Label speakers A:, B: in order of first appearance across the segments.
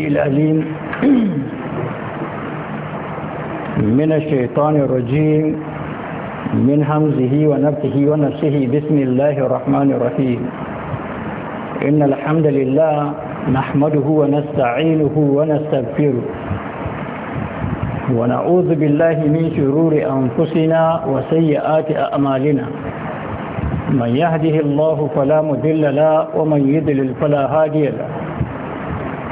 A: الأليم من الشيطان الرجيم من همزه ونبته ونفسه بسم الله الرحمن الرحيم إن الحمد لله نحمده ونستعينه ونستغفره ونعوذ بالله من شرور أنفسنا وسيئات أعمالنا من يهده الله فلا مذل له ومن يضلل فلا هادي له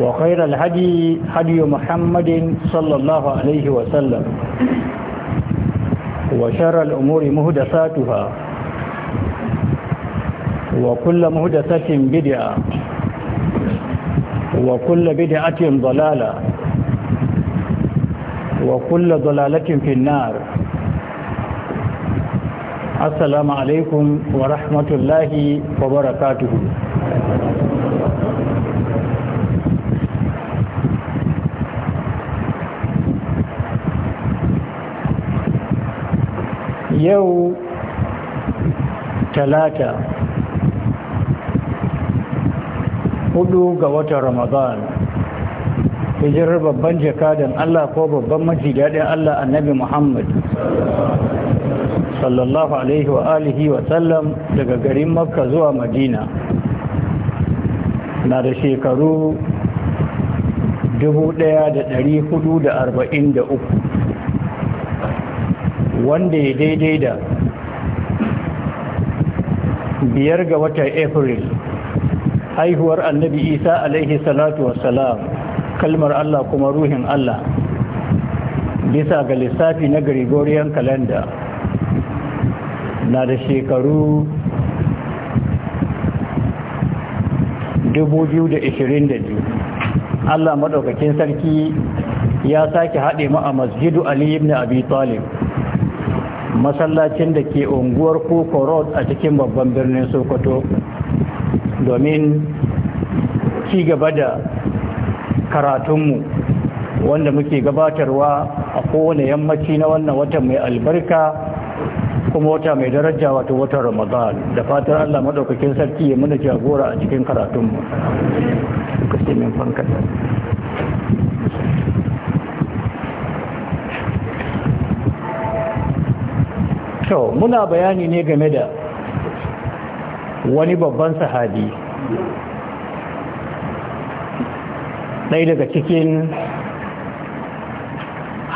A: وخير الهدي هدي محمد صلى الله عليه وسلم وشر الأمور مهدساتها وكل مهدسة بدعة وكل بدعة ضلالة وكل ضلالة في النار السلام عليكم ورحمة الله وبركاته yau talata hudu ga watan ramadan hijirar babban jakadan Allah ko babban maji daɗin Allah annabi Muhammad sallallahu alaihi wa alihi wa sallam daga garin makka zuwa madina na da shekaru 1443 wanda ya daidai da biyar ga watan april haihuwar annabi isa alaihi salatu wasalam kalmar allah kuma ruhin allah bisa ga lissafi na gregorian calendar na da shekaru 2022 allah maɗaukakin sarki ya sake haɗe mu a masjidu ali ibn abi talib masallacin da ke unguwar koko road a cikin babban birnin sokoto domin ci gaba da karatunmu wanda muke gabatarwa a kowane yammaci na wannan wata mai albarka kuma wata mai daraja wato wata ramadan da fatar allah maɗaukakin sarki ya muna jagora a cikin karatunmu to muna bayani ne game da wani babban sahabi ɗaya daga cikin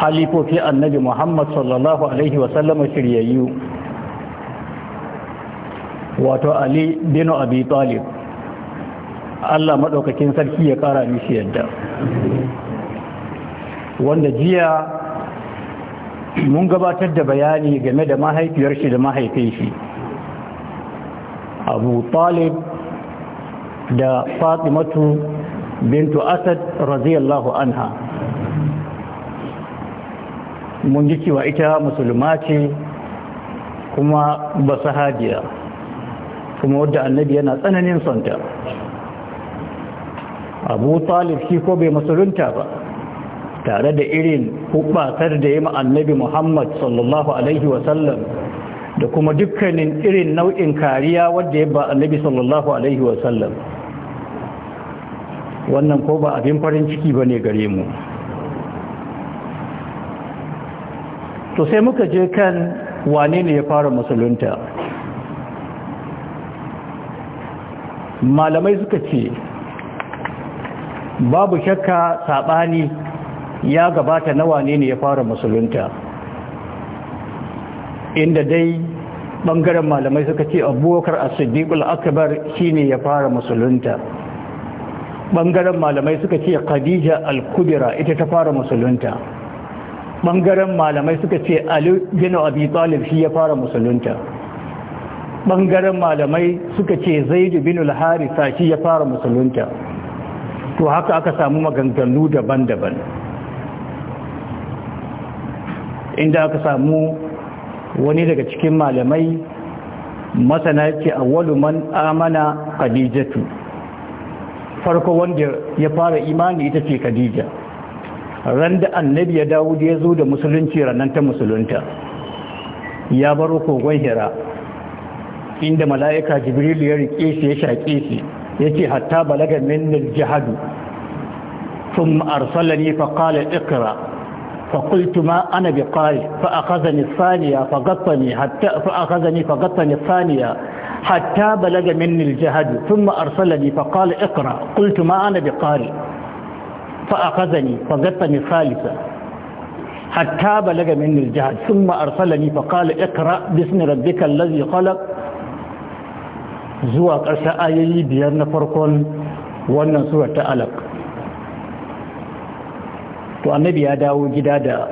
A: halifofi annabi muhammad sallallahu alaihi wasallama shiryayyu wato ali bin abi talib allah maɗaukakin sarki ya ƙara mishi yadda wanda jiya mun gabatar da bayani game da mahaifiyar shi da mahaifin shi abu talib da fatimatu bintu asad radiyallahu anha mun ji cewa ita musulma ce kuma ba sahabiya kuma wadda annabi yana tsananin sonta abu talib shi ko bai musulunta ba tare da irin hubbatar da ya annabi Muhammad sallallahu alaihi wasallam da kuma dukkanin irin nau'in kariya wadda ya ba annabi sallallahu alaihi wasallam wannan ko ba abin farin ciki ba ne gare mu to sai muka je kan wane ne ya fara musulunta malamai suka ce babu shakka saɓani ya gabata nawa wane ne ya fara musulunta inda dai bangaren malamai suka ce abubakar as akabar shi ne ya fara musulunta bangaren malamai suka ce khadija al ita ta fara musulunta bangaren malamai suka ce ali bin abi talib shi ya fara musulunta bangaren malamai suka ce zaid bin al-harisa shi ya fara musulunta to haka aka samu maganganu daban-daban inda aka samu wani daga cikin malamai masana yake awwalu man amana khadijatu farko wanda ya fara imani ita ce khadija ran da annabi ya dawo da ya zo da musulunci ranar ta musulunta ya baro kogon hira inda mala'ika jibril ya rike shi ya shaƙe shi yace ce hatta balaga min jihadu sun arsalani faƙalar ikira فقلت ما أنا بقارئ فأخذني الثانية فغطني حتى فأخذني فغطني الثانية حتى بلغ مني الجهد ثم أرسلني فقال اقرأ قلت ما أنا بقارئ فأخذني فغطني الثالثة حتى بلغ مني الجهد ثم أرسلني فقال اقرأ باسم ربك الذي خلق زوى قرش آيي بيار فرق وانا سورة ألق to annabi ya dawo gida da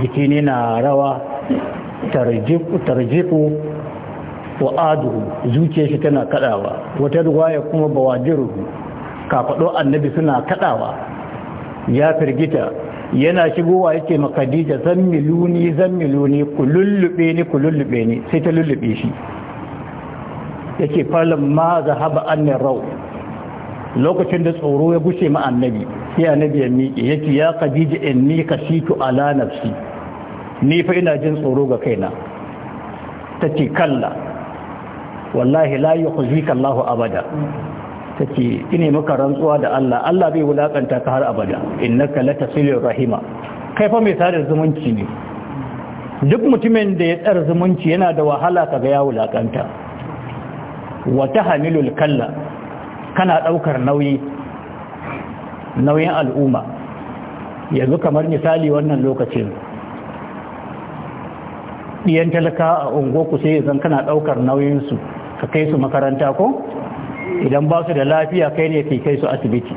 A: jiki ne na rawa tarjiku wa aduhu zuciya shi tana kadawa wata ruwaya kuma bawajiru Kafaɗo annabi suna kadawa ya firgita yana shigowa yake ma Khadija zan miluni zan miluni ku lullube ni ku lullube ni sai ta lullube shi yake falan ma zahaba annin rau lokacin da tsoro ya gushe ma annabi sai annabi ya miƙe yake ya khadija inni kashitu ala nafsi ni fa ina jin tsoro ga kaina tace kalla wallahi la yukhzika Allah abada tace ine maka rantsuwa da Allah Allah bai wulakanta ka har abada innaka latasilur rahima kai fa mai sadar zumunci ne duk mutumin da ya tsara zumunci yana da wahala kaga ya wulakanta wa tahmilul kalla kana ɗaukar nauyin al'umma yanzu kamar misali wannan lokacin ɗiyan talaka a ungoku sai zan kana ɗaukar nauyinsu ka kai su makaranta ko idan ba su da lafiya kai ne ke kai su asibiti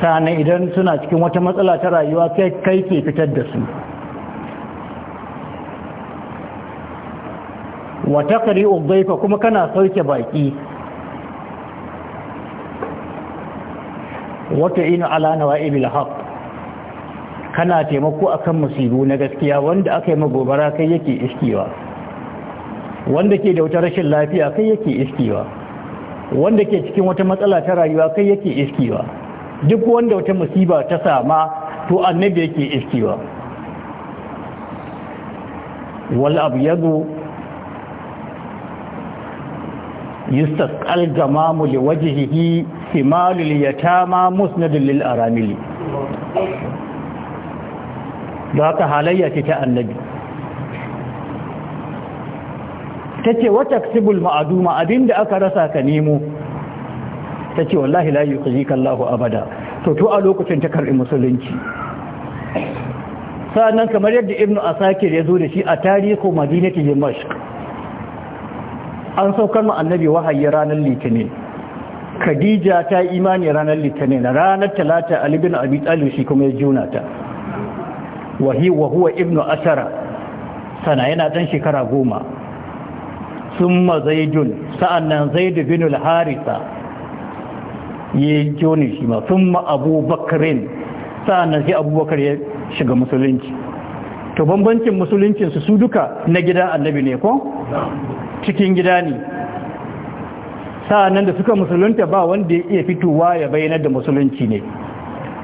A: sa'annan idan suna cikin wata matsala ta rayuwa kai kai ke fitar da su wata kari ubaifa kuma kana sauke baki wata inu ala Ibilhak haq kana taimako a kan musibu na gaskiya wanda aka yi magobara kai yake iskiwa wanda ke da wata rashin lafiya kai yake iskiwa wanda ke cikin wata matsala ta rayuwa kai yake iskiwa duk wanda wata musiba ta sama to annabi yake iskiwa wal abyadu yustasqal gamamu liwajhihi himalul yatama musnadul lil aramili da haka halayya ce ta annabi tace wa taksibul ma'duma abinda aka rasa ka nemo tace wallahi la yuqzika Allahu abada to to a lokacin ta karbi musulunci sannan kamar yadda ibnu asakir ya zo da shi a tarihi madinati dimashq an saukar mu annabi wahayi ranar litinin khadija ta imani ranar litinin ranar talata ali bin abin talib shi kuma ya juna ta wahi huwa ibnu asara sana yana dan shekara goma summa sa'an sa'annan zaid bin harisa ya joni shi ma summa abubakarin sa'annan sai abubakar ya shiga musulunci to bambancin musuluncinsu su duka na gida annabi ne ko cikin gida ne sa'annan da suka musulunta ba wanda ya iya fitowa ya bayyana da musulunci ne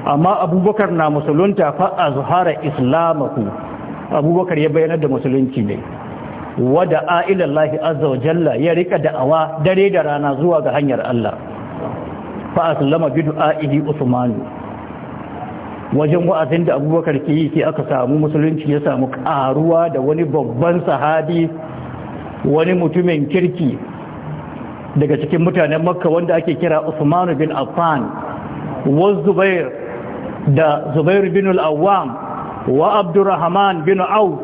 A: amma abubakar na musulunta fa zuhara islamaku. abubakar ya bayyana da musulunci ne wada a'ilallahi azza wa jalla ya rika da'awa dare da rana zuwa ga hanyar Allah fa aslama A'ili Usmanu. wajen wa'azin da abubakar ke yi sai aka samu musulunci ya samu karuwa da wani babban sahabi wani mutumin kirki daga cikin mutanen makka wanda ake kira usman bin affan wa zubair da zubair bin al-awwam wa abdurrahman bin au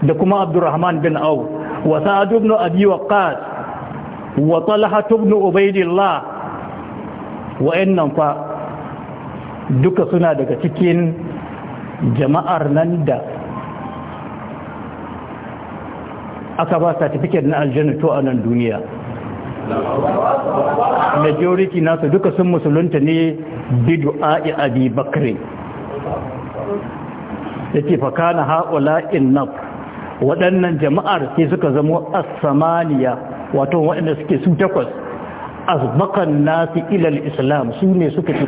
A: da kuma abdurrahman bin au wa sa'ad ibn abi waqqas wa talha ibn ubaydillah wa innan fa duka suna daga cikin jama'ar nan da aka ba certificate na aljanna to a nan duniya majority nasu duka sun musulunta ne bidu'a'i abi bakri yake fakana haƙula inna waɗannan jama'ar sai suka zamo asamaniya wato waɗanda suke su takwas azbakan nasu ilal islam su ne suka ci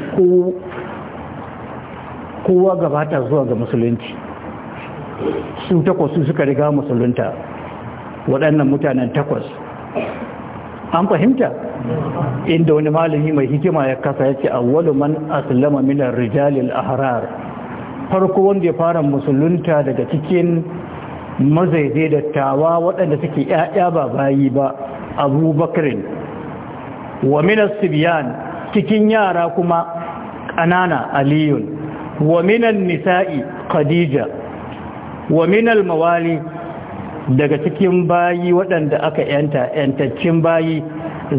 A: kowa gabata zuwa ga musulunci su takwas su suka riga musulunta waɗannan mutanen takwas an fahimta inda wani malami mai hikima ya kasa ya ce awwalu man aslama min ar-rijal ahrar farko wanda ya fara musulunta daga cikin mazaide da tawa waɗanda suke ƴaƴa ba bayi ba Bakrin, wa min as-sibyan cikin yara kuma ƙanana aliyun wa min an-nisa'i khadija wa min al-mawali daga cikin bayi waɗanda aka yanta yantaccin bayi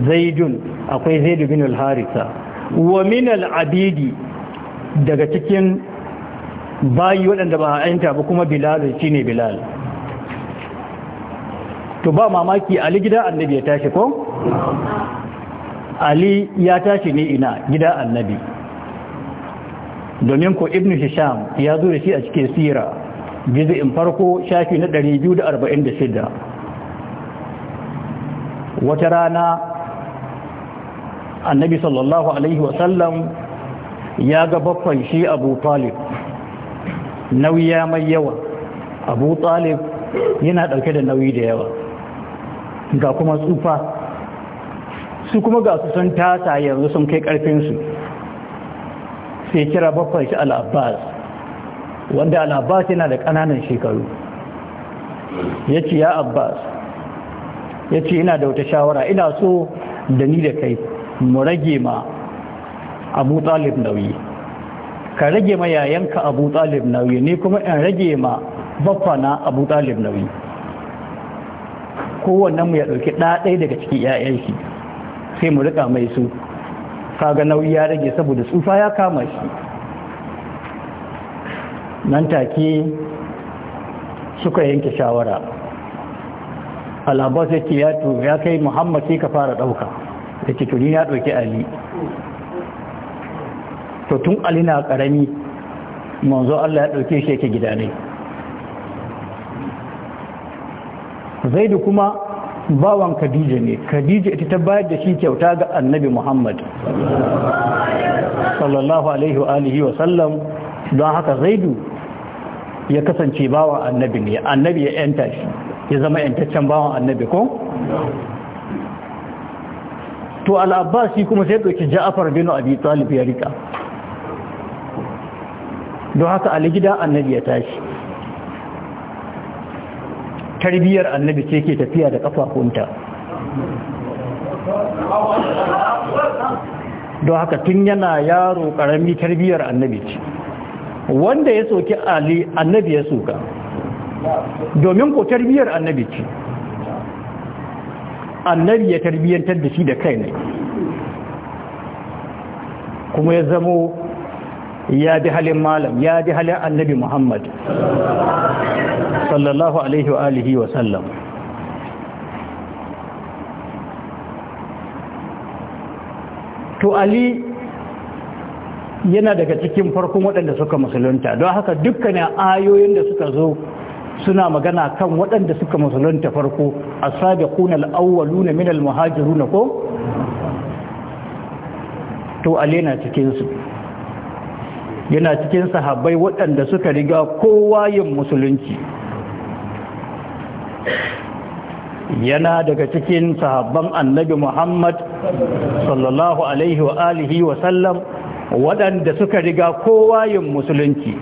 A: zaidun akwai zaidu bin al-harisa wa min al-abidi daga cikin bayi waɗanda ba a yanta ba kuma bilal shine bilal to ba mamaki ali gida annabi ya tashi ko ali ya tashi ne ina gida annabi domin ko ibnu hisham ya zo da shi a cikin sira juz'in farko shafi na 246 wata rana annabi sallallahu alaihi wasallam ya ga baffan shi abu talib nauyi mai yawa abu talib yana ɗauke da nauyi da yawa ga kuma tsufa su kuma ga su sun tasa yanzu sun kai ƙarfinsu sai kira baffan shi al'abbas wanda al'abbas yana da ƙananan shekaru ya ce ya abbas ya ce ina da wata shawara ina so da ni da kai mu rage ma abu talib nauyi ka rage ma yayanka abu talib nauyi ne kuma in rage ma baffana abu talib nauyi kowannen mu ya ɗauki ɗaɗai daga cikin 'ya'yan sai mu rika mai su kaga nauyi ya rage saboda tsufa ya kama shi nan take suka yanke shawara al'abbas ya ya kai muhammad sai ka fara ɗauka da tuni ya ɗauki ali to tun ali na karami manzo allah ya ɗauke shi yake gida ne zaidu kuma bawan khadija ne khadija ita ta bayar da shi kyauta ga annabi muhammad sallallahu alaihi wa alihi wa sallam don haka zaidu ya kasance bawan annabi ne annabi ya yanta shi ya zama yantaccen bawan annabi ko to al-abbasi kuma sai doki jafar bin abi talib ya rika don haka ali gida annabi ya tashi tarbiyar annabi ce ke tafiya da kafafunta don haka tun yana yaro ƙarami tarbiyar annabi ce wanda ya soki ali annabi ya soka domin ko tarbiyar annabi ce annabi ya tarbiyantar da shi da kai ne kuma ya zamo ya bi halin malam ya bi halin annabi muhammad sallallahu alaihi wa alihi wa sallam to ali yana daga cikin farkon waɗanda suka musulunta don haka dukkanin ayoyin da suka zo suna magana kan waɗanda suka musulunta farko a sabiqun al-awwaluna min al-muhajirun ko to alena cikin yana cikin sahabbai waɗanda suka riga kowa yin musulunci yana daga cikin sahabban annabi Muhammad sallallahu alaihi wa alihi wa sallam waɗanda suka riga kowa yin musulunci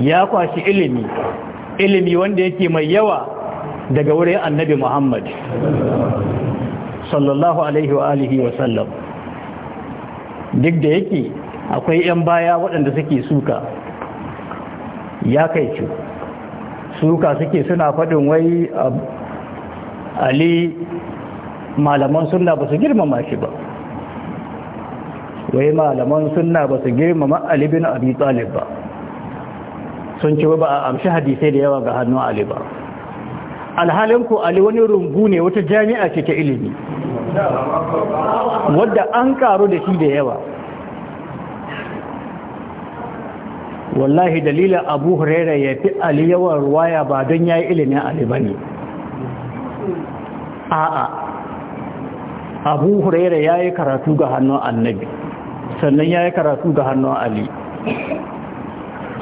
A: ya kwashi ilimi ilimi wanda yake mai yawa daga wurin annabi muhammad sallallahu alaihi wa alihi wa sallam duk da yake akwai 'yan baya waɗanda suke suka ya kai ce suka suke suna faɗin wai ali malaman sunna ba su girmama shi ba wai malaman sunna ba su girmama Ali bin Abi Talib ba sun ce ba a amshi hadisai da yawa ga hannun Ali ba alhalin ku Ali wani rungu ne wata jami'a ce ta ilimi wadda an karu da shi da yawa wallahi dalilin abu huraira ya fi ali yawan ruwaya ba don ya yi ilimin ali ba ne a'a abu huraira ya yi karatu ga hannun annabi sannan ya yi karatu ga hannun ali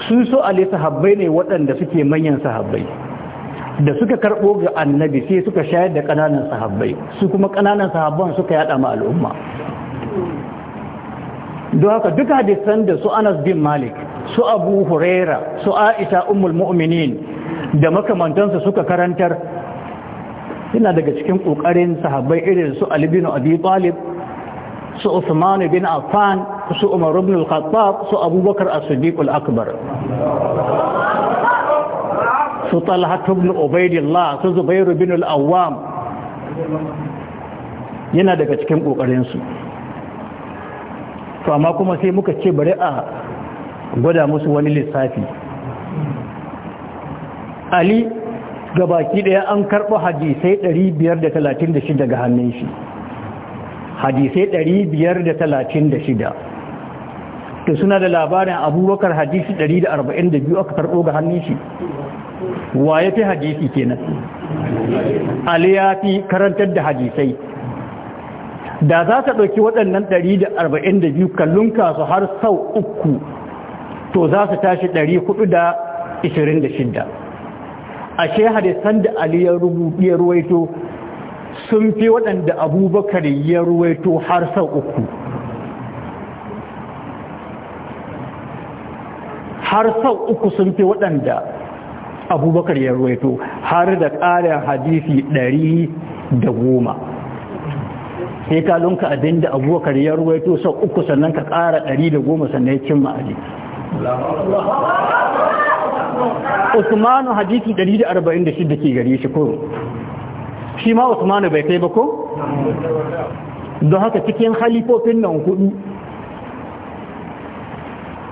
A: Sun so ali sahabbai ne waɗanda suke manyan sahabbai da suka karɓo ga annabi sai suka shayar da ƙananan sahabbai su kuma ƙananan sahabban suka yada ma al'umma don haka duka hadisan da su anas bin malik su abu huraira su aisha ummul mu'minin da makamantansa suka karantar yana daga cikin ƙoƙarin sahabbai irin su Ali bin Abi Talib su Uthman bin Affan su Umar ibn al-Khattab su Abubakar as-Siddiq al-Akbar su Talha ibn Ubaydillah su Zubair bin al-Awwam yana daga cikin ƙoƙarin su to amma kuma sai muka ce bari a gwada musu wani lissafi Ali ga baki daya an karɓo hadisai 536 ga hannun shi hadisai 536 to suna da labarin abubakar hadisi 142 aka karɓo ga hannun shi wa ya fi hadisi kenan ali ya fi karantar da hadisai da za ta ɗauki waɗannan 142 kallon kasu har sau uku to za su tashi 426 ashe hadisan da ali ya rubuta ya ruwaito sun fi waɗanda abubakar ya ruwaito har sau uku har sau uku sun fi waɗanda abubakar ya ruwaito har da ƙarin hadisi ɗari da goma sai ka lunka abinda abubakar ya ruwaito sau uku sannan ka ƙara ɗari da goma sannan ya cimma ali Usmanu hadisi 146 ke gare shi ko shi ma Usmanu bai kai ba ko don haka cikin halifofin nan hudu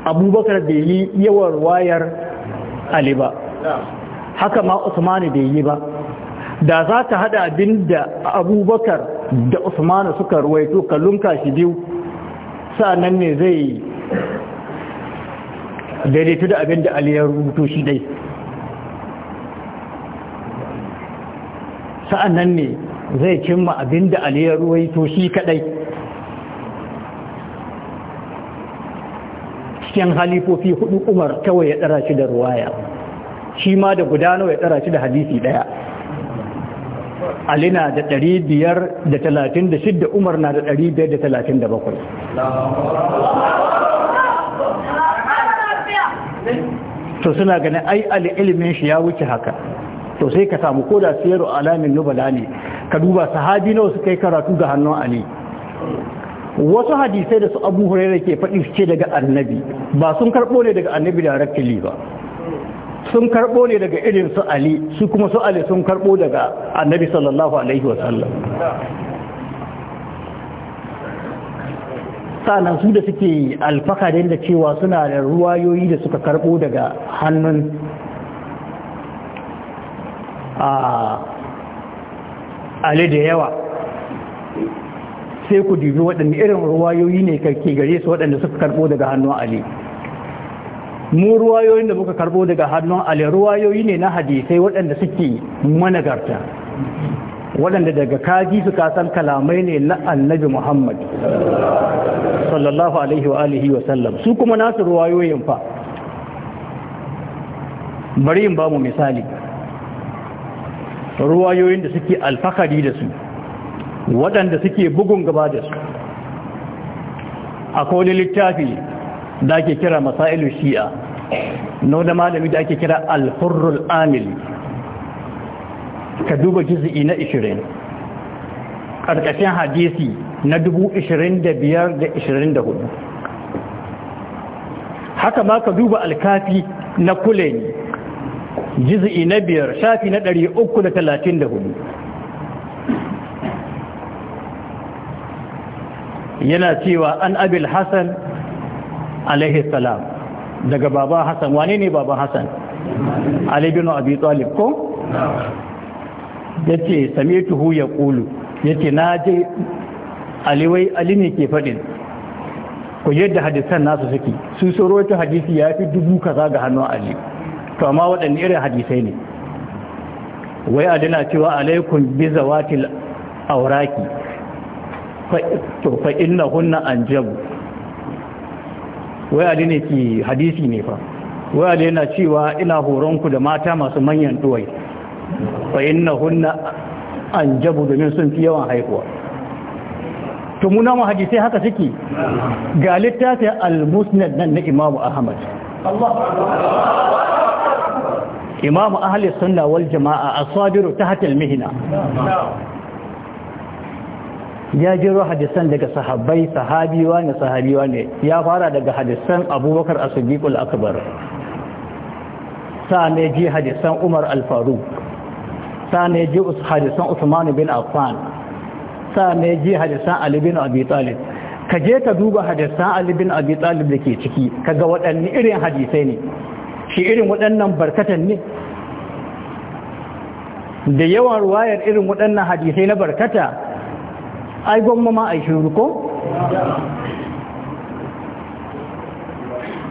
A: Abubakar bai yi yawan wayar Ali ba haka ma Usmanu bai yi ba da za ka hada abin Abubakar da Usmanu suka ruwaito kallon kashi shi biyu sa'annan ne zai daidaitu da abin da ali ya rubuto shi dai sa'an nan ne zai cimma abin da ali ya ruwaito shi kadai cikin halifofi hudu umar kawai ya tsara shi da ruwaya shi ma da gudano ya tsara shi da hadisi daya Ali na da ɗari biyar da talatin da shidda Umar na da ɗari biyar da talatin da bakwai. to suna ganin ai ilimin shi ya wuce haka to sai ka samu koda siyaru alamin nubala ne ka duba sahabi nawa suka yi karatu ga hannun ali wasu hadisai da su abu hurairar ke faɗi ce daga annabi ba sun karɓo ne daga annabi da rakili ba sun karɓo ne daga irin su ali su kuma su ali sun karɓo daga annabi sallallahu alaihi
B: wasallam
A: nan su da suke alfaka da yadda cewa suna da ruwayoyi da suka karbo daga hannun ali da yawa sai ku dubi waɗanda irin ruwayoyi ne ke gare su waɗanda suka karbo daga hannun ali mu ruwayoyin da muka karbo daga hannun ali ruwayoyi ne na hadisai waɗanda suke managarta waɗanda daga kaji su kasan kalamai ne na annabi muhammad sallallahu alaihi wa alihi wa sallam su kuma nasu ruwayoyin fa bari in ba mu misali ruwayoyin da suke alfakari da su waɗanda suke bugun gaba da su a kone littafi da ake kira masailu shi'a na wadda malami da ake kira alfurrul amili ka duba jizi'i na 20 ƙarƙashin hadisi na 25 da 24 haka ma ka duba alkafi na ne jizi'i na 5 shafi na 334 yana cewa an abil hassan alaihi salam daga baban hassan wane ne baban hassan alibinu abi talib ko ya ce same tuhu ya ƙulu ya ce na je aliwai ali ne ke faɗin ku yadda hadisan nasu suke su tsoro ta hadisi ya fi dubu kaza ga hannun ali to amma waɗanne irin hadisai ne wai adina cewa alaikun bi zawatil auraki to fa inna hunna anjabu wai ali ne ke hadisi ne fa wai ali yana cewa ina horonku da mata masu manyan duwai فإنهن أنجب دمين سنكي يوان حيقوا تمنا مهجي سيها كسكي قالت تاتي المسند نن إمام أحمد الله إمام أهل السنة والجماعة الصادر تحت المهنة يا جروا حدثان لك صحابي صحابي واني صحابي واني يا فارا لك حدثان أبو بكر أصديق الأكبر ساني جي حدثان عمر الفاروق sane ji hadisan Usman bin Affan sane ji hadisan Ali bin Abi Talib ka je ka duba hadisan Ali bin Abi Talib dake ciki kaga waɗanne irin hadisai ne shi irin waɗannan barkatan ne da yawan ruwayar irin waɗannan hadisai na barkata ai gwamma ma ai shiru ko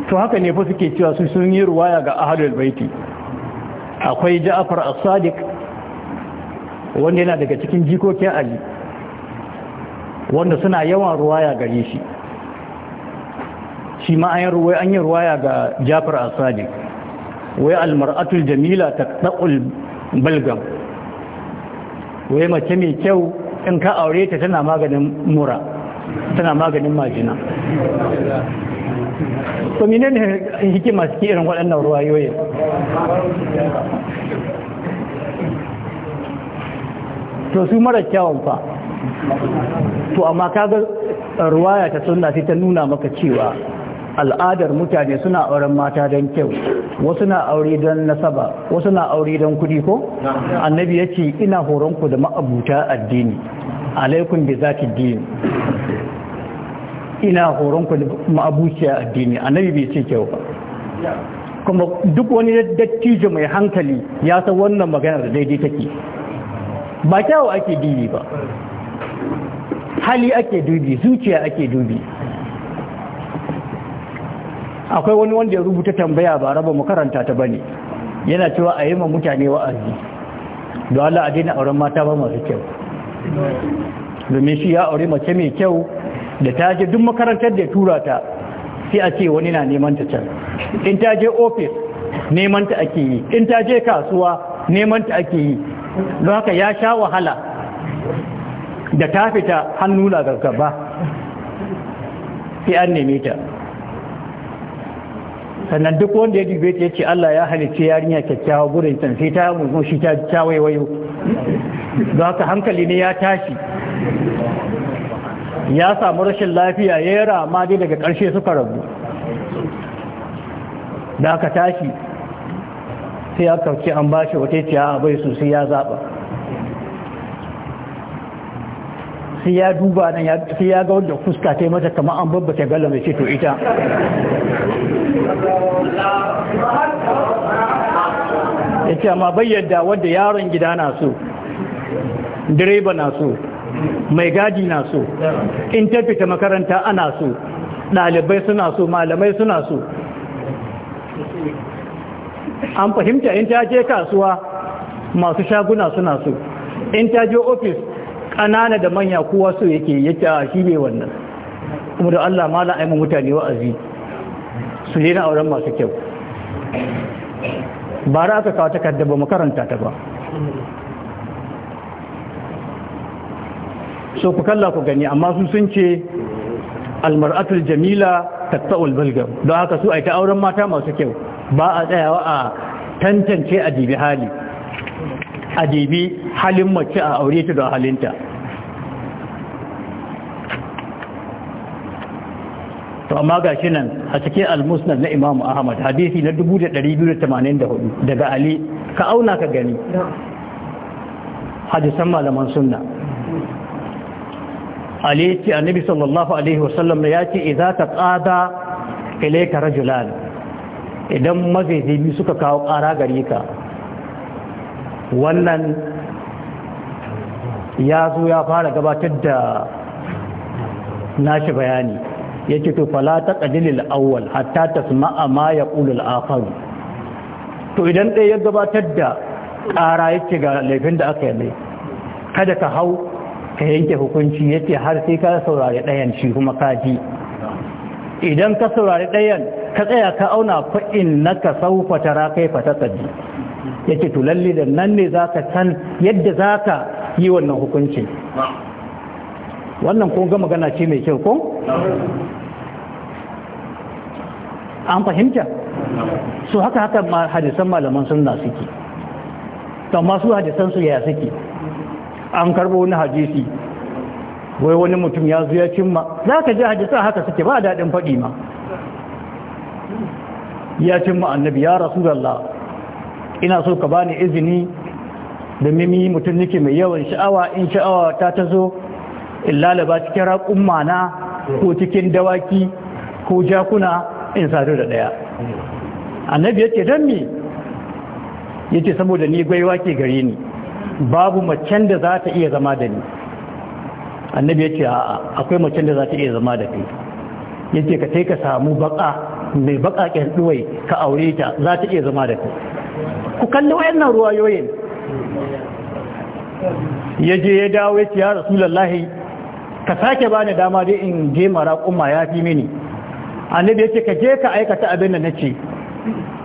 A: to haka ne fa suke cewa su sun yi ruwaya ga ahlul baiti akwai Ja'far as-Sadiq wanda yana daga cikin jikokin ali wanda suna yawan ruwaya gare shi shi ma an yi ruwaya ga jafar asali wai almar'atul jamila ta ɗaƙul balgam wai mace mai kyau in ka aure ta tana maganin mura tana maganin majina to menene hikima suke irin waɗannan ruwayoyin to su mara kyawun fa to amma kaga ruwaya ta sunna sai ta nuna maka cewa al'adar mutane suna auren mata don kyau wasu na aure don nasaba wasu na aure don kudi ko annabi ya ce ina horonku da ma'abuta addini alaikun bi za dini ina horonku da ma'abuta addini annabi bai ce kyau ba kuma duk wani dattijo mai hankali ya san wannan maganar daidai take ba kyawu ake dubi ba hali ake dubi zuciya ake dubi akwai wani wanda ya rubuta tambaya ba raba mu karanta ta bane yana cewa a yi ma mutane wa'azi da Allah a daina auren mata ba masu kyau domin shi ya aure mace mai kyau da ta je duk makarantar da tura ta sai a ce wani na neman ta can in ta je ofis neman ta ake yi in ta je kasuwa neman ta ake yi don haka ya sha wahala da ta fita hannu na gaba sai an neme ta sannan duk wanda ya dube ta yake Allah ya halice yarinya kyakkyawa gudun can sai ta mugo shi ta tawayewayo don haka hankali ne ya tashi ya samu rashin lafiya ya yi rama dai daga ƙarshe suka rabu da aka tashi sai ya kauce an ba shi wata ciya a bai su sai ya zaɓa sai ya duba nan sai ya ga wanda fuska ta yi mata kama an babbace galla mai ce to ita ya ce amma bayyada wadda yaron gida na so direba na so mai gadi na so in ta fita makaranta ana so ɗalibai suna so malamai suna so an fahimta in ta je kasuwa masu shaguna suna so in ta je ofis ƙanana da manya kowa so yake yake ah, shi ne wannan kuma da Allah ma la'ayi mutane wa'azi su ne na auren masu kyau ba ra aka kawo takarda ba makaranta ta ba so ku kalla ku gani amma su sun ce almar'atul jamila tatta'ul balgam don haka su aita auren mata masu kyau ba a tsayawa a tantance a dibi hali a dibi halin mace a aure ta da halinta to amma ga shi nan a cikin almusnan na imamu ahmad hadisi na 2284 daga ali ka auna ka gani hadisan malaman sunna ali ce annabi sallallahu alaihi wasallam ya ce idza taqada ilayka rajulan idan mazaje suka kawo ƙara gare ka wannan ya zo ya fara gabatar da nashi bayani ya ce to fala ta ƙadilil awwal hatta ta ma ya ƙulul akharu to idan ɗaya ya gabatar da ƙara ya ce ga laifin da aka yi mai kada ka hau ka yanke hukunci ya ce har sai ka saurari ɗayan shi kuma kaji idan ka saurari ɗayan ka tsaya ka auna fa'in na ka saufa tara kai fata ya ce tulalli da nan ne za san yadda za ka yi wannan hukunci wannan ko ga magana ce mai kyau ko? an fahimta su haka haka hadisan malaman sunna suke don masu hadisan su yaya suke an karbo wani hadisi wai wani mutum ya zuya cimma za ka ji hadisa haka suke ba daɗin faɗi ma ya cimma annabi ya Allah ina so ka bani izini da mimi mutum nike mai yawan sha'awa in sha'awa ta ta zo in lalaba cikin raƙumma na ko cikin dawaki ko jakuna in sadu da ɗaya annabi ya ce don me ya ce saboda ni gwaiwa ke gare ni babu macen da za ta iya zama da ni annabi ya ce a'a akwai macen da za ta iya zama da kai ya ce ka sai ka samu baka mai ƙyar ɗuwai ka aure ta za ta iya zama da kai ku kalli wayannan ruwayoyin ya je ya dawo ya ce ya lallahi ka sake ba ni dama dai in je mara kuma ya fi mini annabi ya ce ka je ka aikata abin da na ce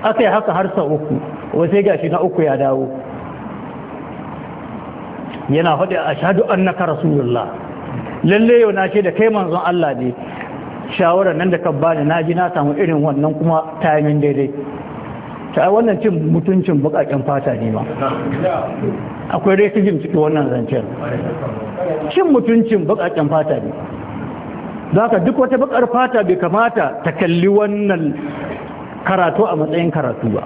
A: aka yi haka har sau uku wasu ya gashi na uku ya dawo yana faɗi a shaɗu an ka rasulullah lalle yau na ce da kai manzon Allah ne shawarar nan da ka bani na ji na samu irin wannan kuma timing daidai ta wannan cin mutuncin bukaken fata ne ma akwai rai cikin wannan zancen cin mutuncin bukaken fata ne za ka duk wata bakar fata bai kamata ta kalli wannan karatu a matsayin karatu ba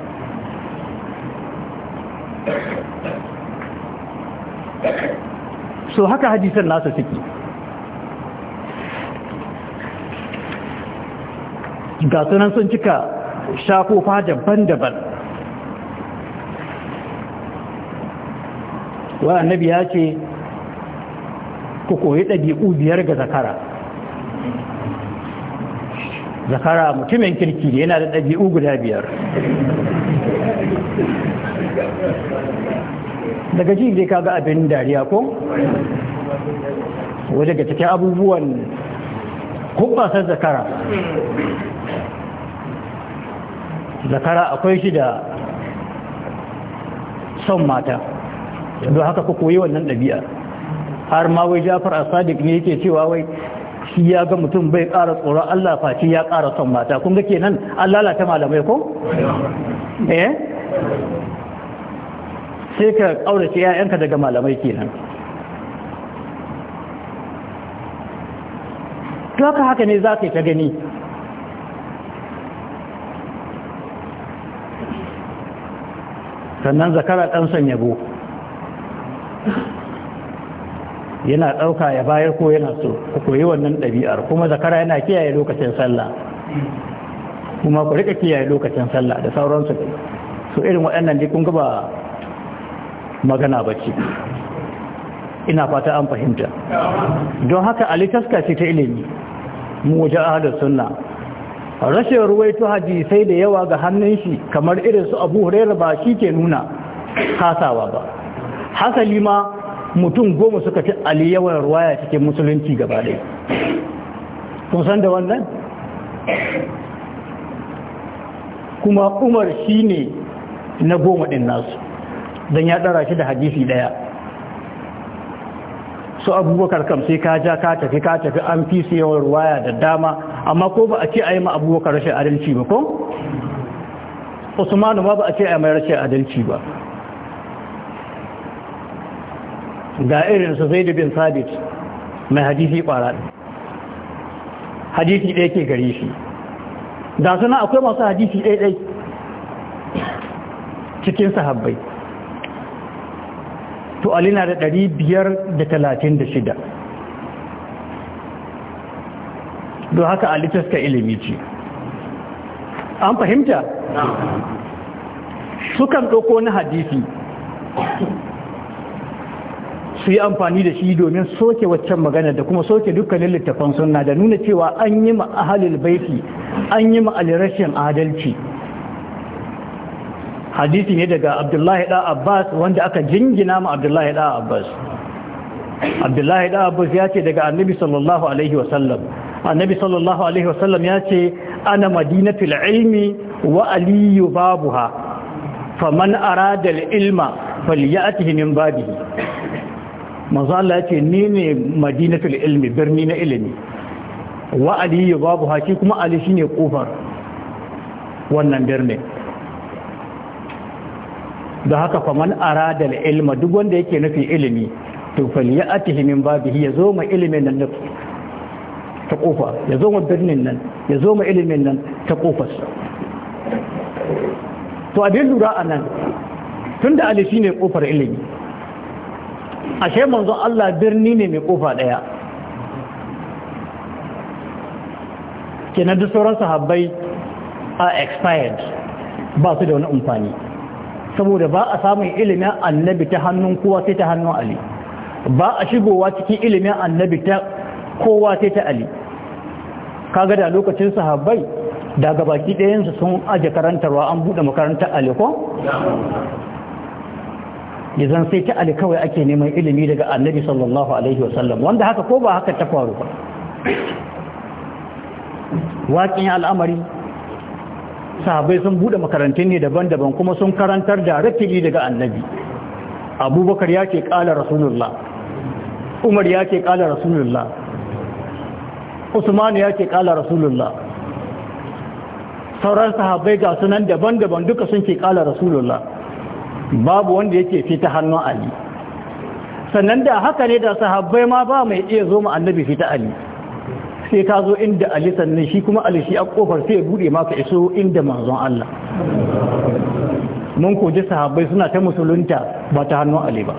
A: so haka hadisan nasa suke ga sunan sun cika shafofa daban-daban wa annabi ya ce ku koyi ɗabi'u biyar ga zakara zakara mutumin kirki ne yana da ɗabi'u guda biyar daga ji zai kaga abin dariya ko wajen ga cikin abubuwan hubbasar zakara zakara akwai shi da son mata don haka ku koyi wannan ɗabi'a har ma wai jafar asadik ne yake cewa wai shi ya ga mutum bai ƙara tsoron allah faci ya ƙara son mata kun ga kenan an lalata malamai ko? eh sai ka ce 'ya'yanka daga malamai kenan to haka haka ne za ka yi ta gani sannan zakara ɗansan yabo yana ɗauka ya bayar ko yana so ku koyi wannan ɗabi'ar kuma zakara yana kiyaye lokacin sallah kuma ku rika kiyaye lokacin sallah da sauransu so irin waɗannan jikin gaba magana ba ce ina fata an fahimta don haka alitaska ce ta ilimi mu waje ahadar sunna rashin ta hadisai da yawa ga hannun shi kamar irin su abu hurera ba shi ke nuna kasawa ba hasali ma mutum goma suka fi ali yawan ruwaya cikin musulunci gaba ɗaya kun san da wannan kuma umar shi ne na goma ɗin nasu don ya ɗara shi da hadisi ɗaya su abubakar kam sai ka ja ka tafi ka tafi an fi yawan waya da dama amma ko ba a ce a yi ma abubakar rashin adalci ba ko? usmanu ma ba a ce a yi mai rashin adalci ba ga irinsu zai da bin sabit mai hadisi ɓara hadisi ɗaya ke gare shi da suna akwai masu hadisi ɗaya ɗai cikin sahabbai to ali na da da talatin shida, don haka ali taska ilimi ce an fahimta sukan ɗauko na hadisi su yi amfani da shi domin soke waccan magana da kuma soke dukkanin littafan sunna da nuna cewa an yi ma baiti an yi ma alirashin adalci hadisi ne daga abdullahi da abbas wanda aka jingina ma abdullahi da abbas abdullahi da abbas ya ce daga annabi sallallahu alaihi wasallam annabi sallallahu alaihi wasallam ya ce ana madinatul ilmi wa aliyu babuha faman arada ilma falyatihi min babihi manzo mazala ya ce ni ne madinatul ilmi birni na ilimi wa aliyu babuha shi kuma ali shine kofar wannan birnin da haka faman aradal ilma duk wanda yake nufi ilimi to falyatihi min babihi ya zo ma ilimin nan ta kofa ya zo ma birnin nan ya zo ma ilimin nan ta kofarsa to abin lura a nan tun da alishi ne kofar ilimi ashe manzo Allah birni ne mai kofa daya kenan duk sauran sahabbai are expired ba su da wani amfani saboda ba a samun ilimin annabi ta hannun kowa sai ta hannun ali ba a shigowa cikin ilimin annabi ta kowa sai ta ali kaga da lokacin sahabbai daga baki ɗayansu sun aje karantarwa an buɗe makarantar ali ko yanzu sai ta ali kawai ake neman ilimi daga annabi sallallahu alaihi wasallam wanda haka ko ba haka ta faru ba waƙin al'amari sahabai sun bude makarantun ne daban-daban kuma sun karantar da rikili daga annabi abubakar ya ke kala rasulullah umar ya ke kala rasulullah usmanu ya ke kala rasulullah sauran sahabai ga sunan daban-daban duka sun ke kala rasulullah babu wanda yake fita hannun ali sannan da haka ne da sahabai ma ba mai iya zo ma annabi fita ali sai ka zo inda ali sannan shi kuma ali shi a kofar sai ya bude maka iso inda manzon Allah mun koji sahabbai suna ta musulunta ba ta hannun ali ba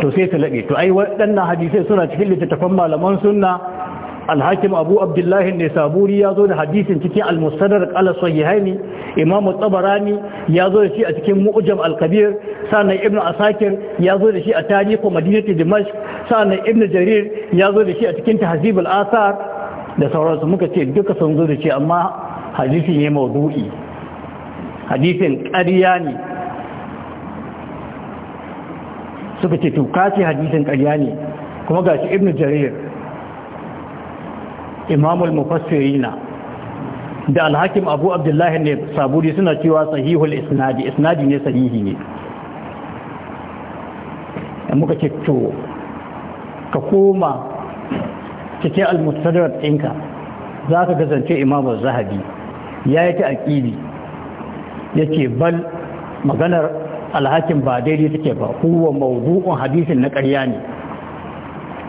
A: to sai ta laɓe to ai waɗannan hadisai suna cikin littattafan malaman sunna alhakim abu abdullahi ne saburi ya zo da hadisin cikin almustadar ala sahihaini imamu tabarani ya zo da shi a cikin mu'jam alkabir sannan ibnu asakir ya zo da shi a tarihu madinati dimashq sannan ibnu jarir ya zo da shi a cikin tahzib al-asar da sauransu muka ce duka sun zo da shi amma hadisi ne maudu'i hadisin ƙarya ne suka ce tuka ce hadisin ƙarya ne kuma gashi ibnu jarir imamul mufassirina da al-hakim abu abdullahi ne saburi suna cewa sahihul isnadi isnadi ne sahihi ne muka ce to ka koma cike al-mustadrak ɗinka za ka gazance imamu zahabi ya yi ta aƙili ya ce bal maganar alhakin ba daidai take ba kuwa mawudu'un hadisin na ƙarya ne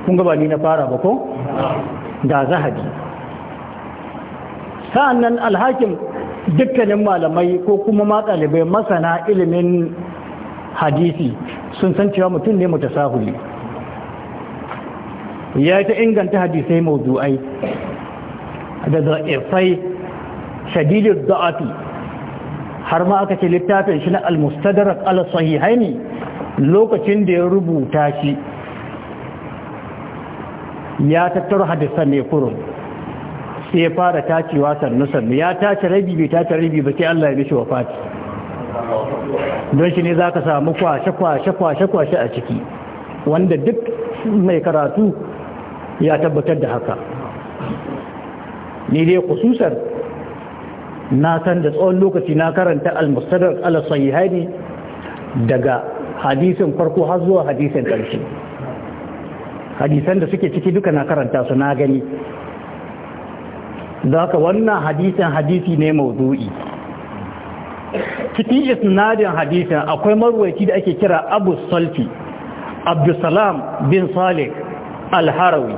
A: kun gaba ni na fara ba ko? da zahabi sa'annan alhakin dukkanin malamai ko kuma ma ɗalibai masana ilimin hadisi sun san cewa mutum ne mutasahuli ya ta inganta hadisai mawdu'ai da za'ifai shadidin da'afi har ma aka ce littafin shi na al-mustadrak al-sahihaini lokacin da ya rubuta shi ya tattaro hadisan ne kurun sai ya fara tacewa sannu sannu ya tace rabi bai tace rabi ba sai Allah ya mishi wafati don shi ne za ka samu kwashe kwashe kwashe a ciki wanda duk mai karatu ya tabbatar da haka ni dai kususar na san da tsawon lokaci na karanta al-mustadrak al-sahihaini daga hadisin farko har zuwa hadisin ƙarshe hadisan da suke ciki duka na karanta su na gani da haka wannan hadisan hadisi ne mawudu'i cikin isnadin hadisan, akwai marwaci da ake kira abu salfi abdusalam bin Salik, alharawi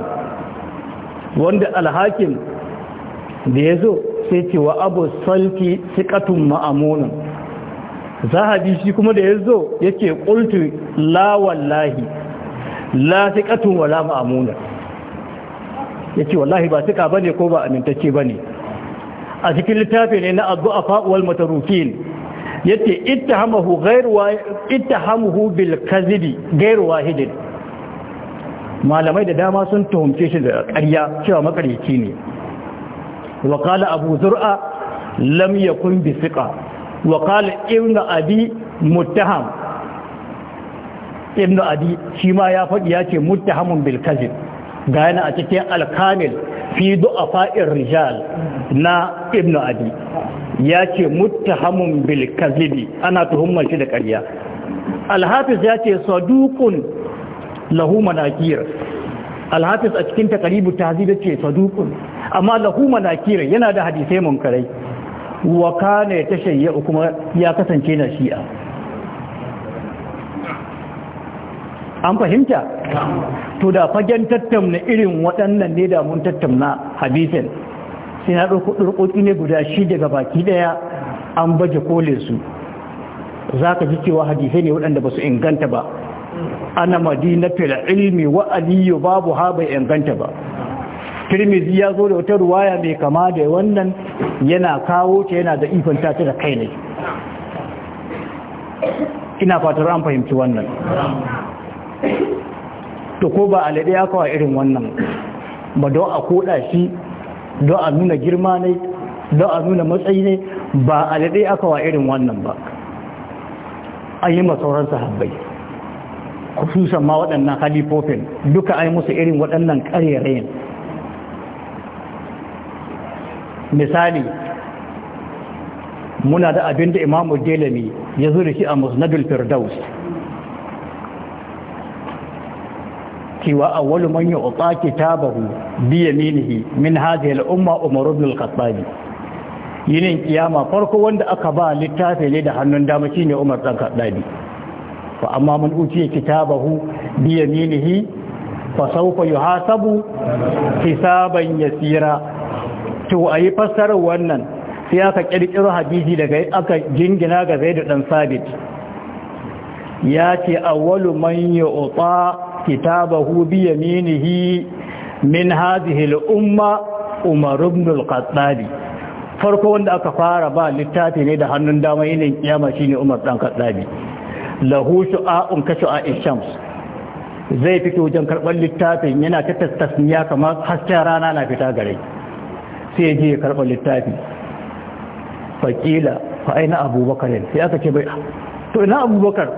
A: wanda Alhakin da ya zo sai ce wa abu salfi sikatun za a shi kuma da ya zo yake ƙultu lawallahi la thiqatun wala Ya yace wallahi ba tuka bane ko ba amintacce bane a cikin littafi ne na a wal matarukin yace ittahamahu ghairu wa bil kadhibi ghairu wahidin malamai da dama sun tuhumce shi da ƙarya cewa makaryaci ne wakala abu zur'a lam yakun bi siƙa. wakala qala abi muttaham ibn adi shi ma ya faɗi yace ce muttahamun bil kazib ga a cikin alkamil fi fa'in rijal na ibn adi Yace ce muttahamun bil ana tuhumar shi da ƙarya alhafiz ya ce saduqun lahu manakir alhafiz a cikin taqribu tahzib ce saduqun amma lahu manakir yana da hadisai munkarai wa kana tashayyu kuma ya kasance na shi'a an fahimta to da fagen tattauna irin waɗannan ne da mun tattamna hadisin sai na ɗauko ɗurƙoƙi ne guda shi daga baki ɗaya an baje kolin su za ka ji cewa hadisai ne waɗanda ba su inganta ba ana madinatul ilmi wa aliyu babu ha bai inganta ba tirmizi ya zo da wata ruwaya mai kama da wannan yana kawo ta yana da ifanta ta da kai ne ina fatar an fahimci wannan to ko ba alade ya kawo irin wannan ba don a koda shi don a nuna girma ne don a nuna matsayi ne ba alade aka kawo irin wannan ba an yi masauran sahabbai kususan ma waɗannan halifofin duka an musu irin waɗannan ƙarerayen misali muna da abin da imamu delami ya zuri shi a musnadul firdaus cewa awwalu man yu'ta kitabahu bi yaminihi min hadhihi al-umma Umar ibn al-Khattab yinin kiyama farko wanda aka ba littafi ne da hannun dama shine Umar dan Khattab fa amma man utiya kitabahu bi yaminihi fa sawfa yuhasabu hisaban yasira to ayi fassarar wannan sai aka kirkiro hadisi daga aka jingina ga Zaid ɗan Sabit ya ce awwalu man yu'ta kitabahu bi yaminihi min hadhihi al-umma Umar farko wanda aka fara ba littafi ne da hannun dama yinin kiyama shine Umar dan Khattabi lahu shu'a'un ka shu'a'i shams zai fito wajen karban littafin yana ta tasmiya kamar hasken rana na fita gare sai ya je ya karban littafi faqila fa aina abubakar sai aka ce bai to ina abubakar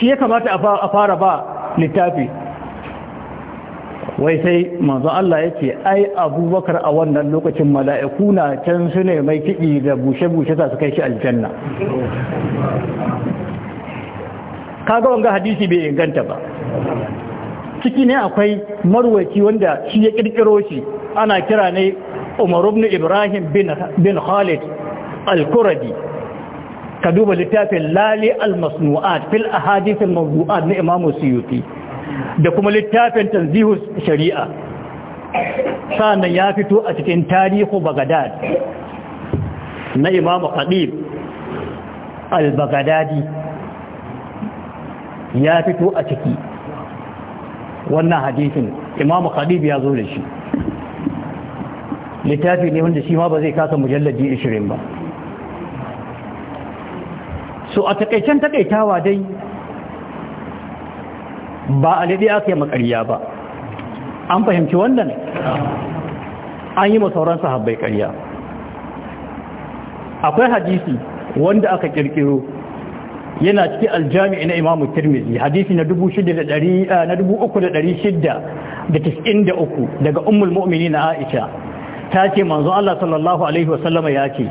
A: shi ya kamata a fara ba littafi wai sai manzo Allah ya ce ai abubakar a wannan lokacin mala'iku na can su ne mai kiɗi da bushe-bushe za su kai shi aljanna kaga wanga hadisi bai inganta ba ciki ne akwai Marwaki wanda shi ya kirkiro shi ana kira ne umar ibn ibrahim bin khalid al-kuradi ka duba littafin lali al-masnu'at fil ahadith al-mawdu'at na Imam Suyuti da kuma littafin tanzihu shari'a sannan ya fito a cikin tarihu Baghdad na Imam Qadib al-Baghdadi ya fito a ciki wannan hadisin Imam Qadib ya zo da shi littafi ne wanda shi ma ba zai kasa mujalladi 20 ba so a takaicen takaitawa dai ba a lade aka yi makariya ba an fahimci wannan an yi masauran sahabbai karya akwai hadisi wanda aka kirkiro yana cikin aljami'i na imamu tirmizi hadisi na 3693 eh, daga ummul na aisha ta ce manzo Allah sallallahu alaihi wasallama ya ce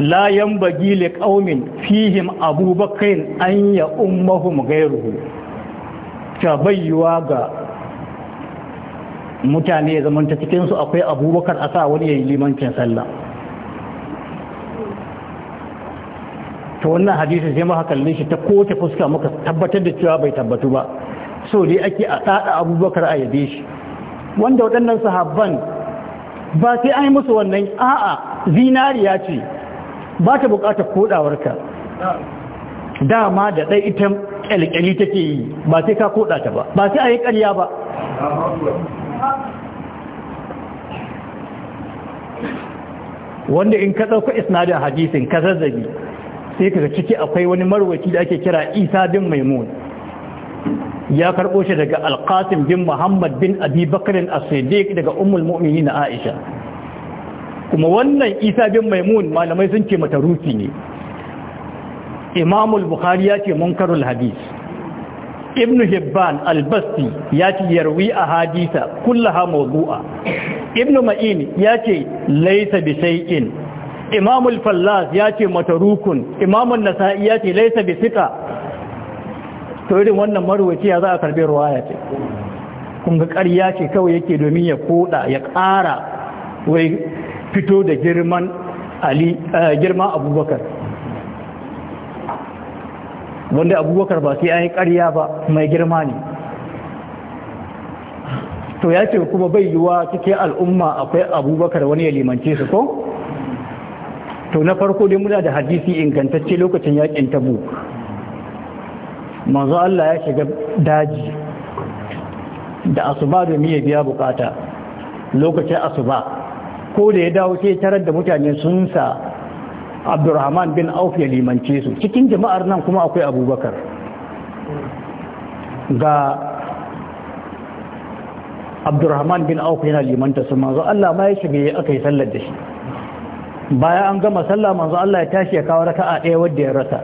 A: la yanbaghi liqaumin fihim abubakrin an ya ummahum ghayruhu ta ga mutane zamanta cikin su akwai abubakar a sa wani yayi limancin sallah ta wannan hadisi sai muka kalle shi ta kota fuska muka tabbatar da cewa bai tabbatu ba so dai ake a tsada abubakar a yabe shi wanda waɗannan sahabban ba sai an yi musu wannan a'a zinariya ce ba ta bukatar kodawarka dama da ɗai ita ƙyalƙyali take yi ba sai ka koda ta ba ba sai a yi ƙarya ba wanda in ka ɗauka isnadin hadisin ka zazzabi sai ka ciki akwai wani marwaci da ake kira isa bin maimun ya karɓo shi daga alƙasim bin muhammad bin abi bakarin daga umul mu'mini na aisha kuma wannan isa bin maimun malamai sun ce mata rufi ne imamul bukhari ya ce munkarul hadis ibn hibban albasti ya ce yarwi a hadisa kullaha mawdu'a ibn ma'in ya ce laisa bi shay'in imamul fallas ya ce mata rukun. Imamul nasa'i ya ce laisa bi sika to irin wannan marwaci ya za a karbi ruwaya ce kun ƙarya ce kawai yake domin ya koda ya ƙara wai fito da girman ali eh, girman abubakar wanda abubakar ba sai an yi ƙarya ba mai girma ne to ya ce kuma bai yiwa cikin al'umma akwai abubakar wani ya limance su ko? to na farko dai muna da hadisi ingantacce lokacin yakin tabu manzo Allah ya shiga daji da asuba domin ya biya bukata lokacin asuba ko da ya dawo sai tarar da mutane sun sa abdurrahman bin auf ya limance su cikin jama'ar nan kuma akwai abubakar ga abdurrahman bin auf yana limanta su manzo Allah ma ya shige aka yi sallar da shi bayan an gama sallah manzo Allah ya tashi ya kawo raka'a ɗaya wanda ya rasa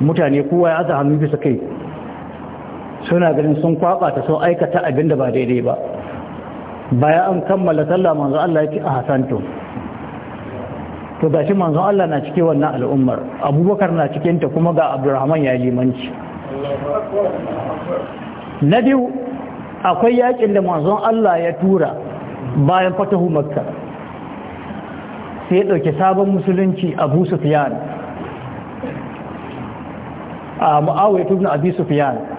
A: mutane kowa ya aza hannu bisa kai suna ganin sun kwaba ta sun aikata abin da ba daidai ba baya an kammala sallah manzo Allah yake ahsantu to gashi manzo Allah na cike wannan al'ummar Abubakar na cikin ta kuma ga Abdurrahman ya limanci na biyu akwai yakin da manzon Allah ya tura bayan fatahu makka sai ya dauke sabon musulunci Abu Sufyan a Muawiya ibn Abi Sufyan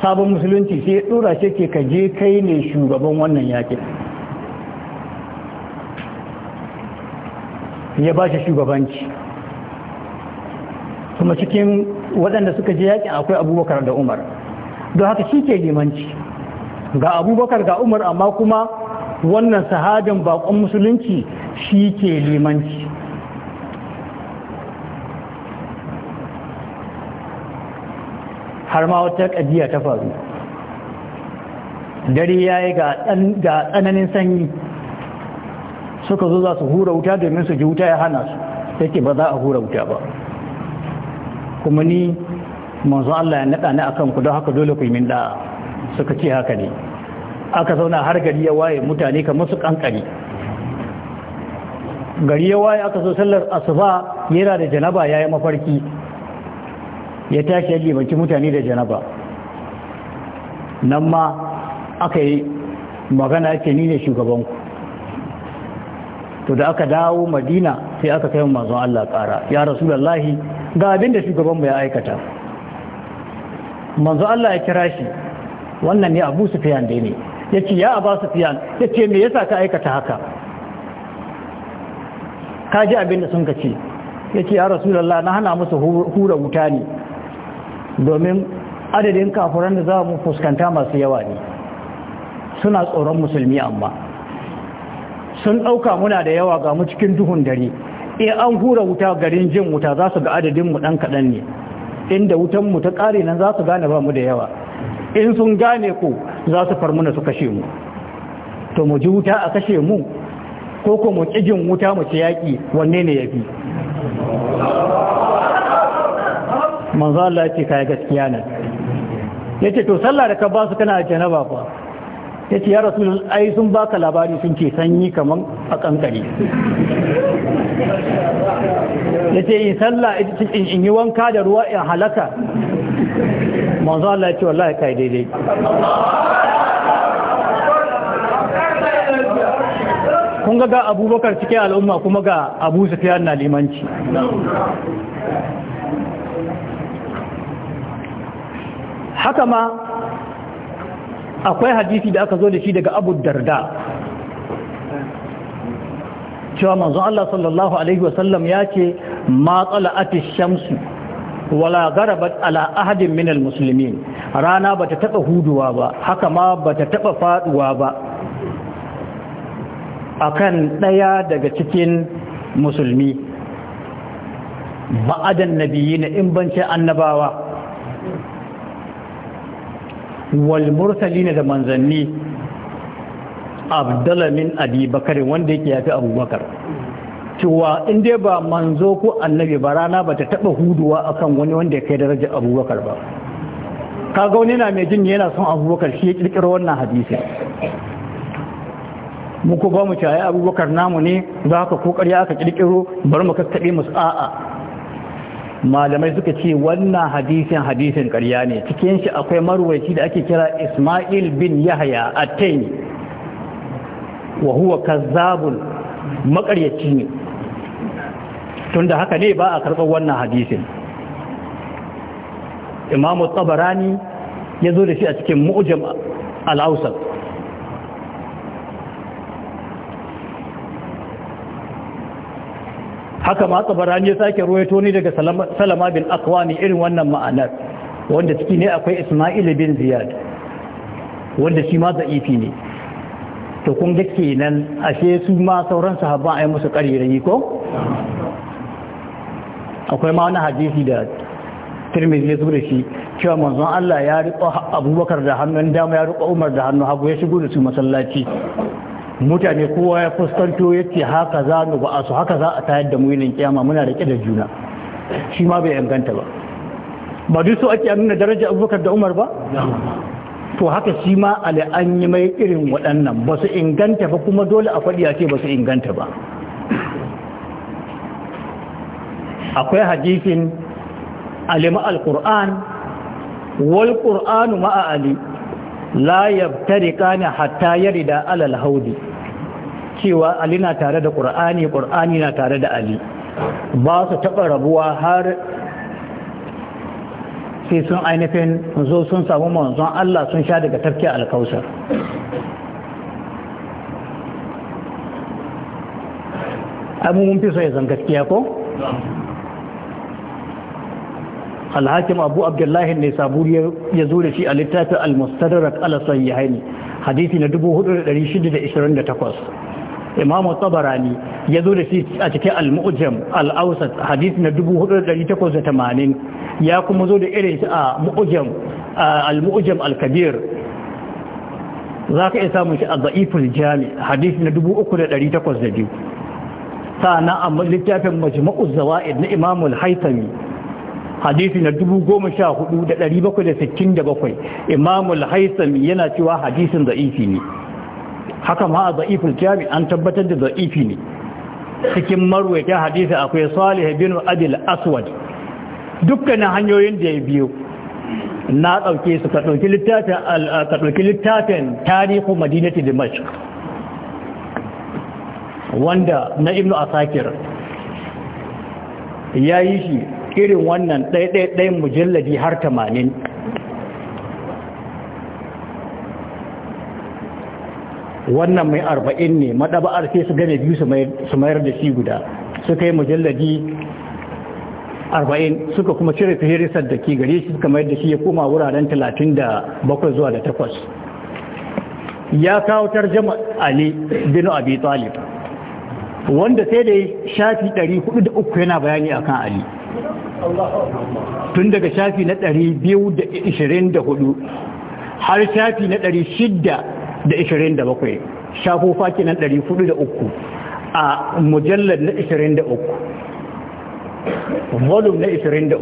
A: sabon musulunci sai ya ce ke ka je kai ne shugaban wannan yakin ya ba shi shugabanci kuma cikin waɗanda suka je yakin akwai abubakar da umar don haka shi ke limanci ga abubakar ga umar amma kuma wannan sahajin bakon musulunci shi ke limanci har ma wata kadiya ta faru dare yayi ga ga tsananin sanyi suka zo za su hura wuta domin su ji wuta ya hana su yake ba za a hura wuta ba kuma ni manzo Allah ya nada ni akan ku don haka dole ku yi min da suka ce haka ne aka zauna har gari ya waye mutane kamar su kankare gari ya waye aka zo sallar asuba yana da janaba ya yi mafarki ya tashi ya limaki mutane da janaba nan ma aka yi magana ake nile ne shugabanku to da aka dawo madina sai aka kai mazan Allah ƙara ya rasu da lahi ga abin da shugabanmu ya aikata manzon Allah ya kira shi wannan ne abu sufiyan da ne ya ce ya abu sufiyan ya ce me yasa ka aikata haka ka ji abin da sun ka ce ya ce ya lahi na hana musu hura wuta ne domin adadin kafuran da za mu fuskanta masu yawa ne suna tsoron musulmi amma sun ɗauka muna da yawa ga mu cikin duhun dare in an hura wuta garin jin wuta za su ga adadinmu ɗan kaɗan ne inda wutanmu ta ƙare nan za su gane ba mu da yawa in sun gane ku za su muna su kashe mu to mu ji wuta a kashe mu ko ko mu ƙijin wuta mu ci yaƙi wanne ne ya fi manzo Allah ya ce kai gaskiya ne yace to sallah da ka ba su kana janaba fa yace ya rasulun ai sun baka labari sun ce sanyi kaman a kankare yace in sallah in yi wanka da ruwa in halaka manzo Allah ya ce wallahi kai daidai kun ga ga abubakar cikin al'umma kuma ga abu sufiyan na limanci haka ma akwai hadisi da aka zo da shi daga abu darda cewa manzon Allah sallallahu alaihi wasallam ya ce ma tsala'ati shamsu wala garabat ala ahadin minal muslimin rana bata taba huduwa ba haka ma bata taɓa faduwa ba akan ɗaya daga cikin musulmi ba'adan nabiyina in bance annabawa wal mursalin da manzanni abdala min abi bakar wanda yake yafi abubakar cewa in dai ba manzo ko annabi ba rana ba ta taba huduwa akan wani wanda ya kai daraja abubakar ba kaga wani na mai jin yana son abubakar shi ya kirkiro wannan hadisi mu ba mu caya abubakar namu ne za ka kokari aka kirkiro bar mu kakkaɓe musu a'a malamai suka ce wannan hadisin hadisin ƙarya ne cikin shi akwai marwaci da ake kira Ismail bin Yahaya At-Taymi wa huwa kazzabun maƙaryaci ne tunda haka ne ba a karɓar wannan hadisin Imam Tabarani ya zo da shi a cikin Mu'jam al-Awsat haka ma tsabarani ya sake ruwaito ne daga salama bin akwani irin wannan ma'anar wanda ciki ne akwai ismail bin ziyad wanda shi ma za'ifi ne to kun ga kenan ashe su ma sauran sahabban ai musu ƙarirayi ko akwai ma wani hadisi da tirmidhi ya da shi cewa manzon Allah ya riƙo abubakar da hannun dama ya riƙo umar da hannu, hagu ya shigo da su masallaci mutane kowa ya fuskanto ya ce haka za mu ba su haka za a tayar da mu yinin kiyama muna da da juna shi ma bai inganta ba ba duk so ake nuna daraja abubakar da umar ba to haka shi ma ali an yi mai irin waɗannan ba su inganta ba kuma dole a faɗi a ce ba su inganta ba akwai hadisin alima Alƙur'an, wal qur'anu ma'a ali la yabtariqana hatta yarida alal haudi cewa ali na tare da ƙur'ani ƙur'ani na tare da ali ba su taɓa rabuwa har sai sun ainihin zo sun samu manzon Allah sun sha daga tafki alkausar mun fi so ya zan gaskiya ko? alhakim abu abdullahi ne saburi ya zo da shi a littafin al-mustadrak ala sayyihaini hadisi na 4628 imam tabarani ya zo da shi a cikin al-mu'jam al-awsat hadith na 1480 ya kuma zo da irin shi a mu'jam al-mu'jam al-kabir zaka iya samu shi a da'iful jami hadith na 3802 sana a littafin majma'uz zawaid na imam al-haythami hadith na 14767 imam al-haythami yana cewa hadithin da'ifi ne haka ma a za'iful jami an tabbatar da za'ifi ne cikin marwaita hadisi akwai salih bin adil aswad dukkanin hanyoyin da ya biyo na ɗauke su ka ɗauki littafin tarihu madinati dimash wanda na ibnu asakir ya yi shi irin wannan ɗaiɗaiɗai mujalladi har tamanin. wannan mai arba'in ne maɗaba'ar sai su gane biyu su mayar da shi guda suka yi mujalladi arba'in suka kuma cire fihirisar da ke gare shi suka mayar da shi ya koma wuraren talatin da bakwai zuwa da takwas ya kawo tarjama ali bin abi talib wanda sai da shafi 403 yana bayani akan ali tun daga shafi na 224 har shafi na ɗari shida. da 27 shafofa kenan 403 a mujallar na 23 volume na 23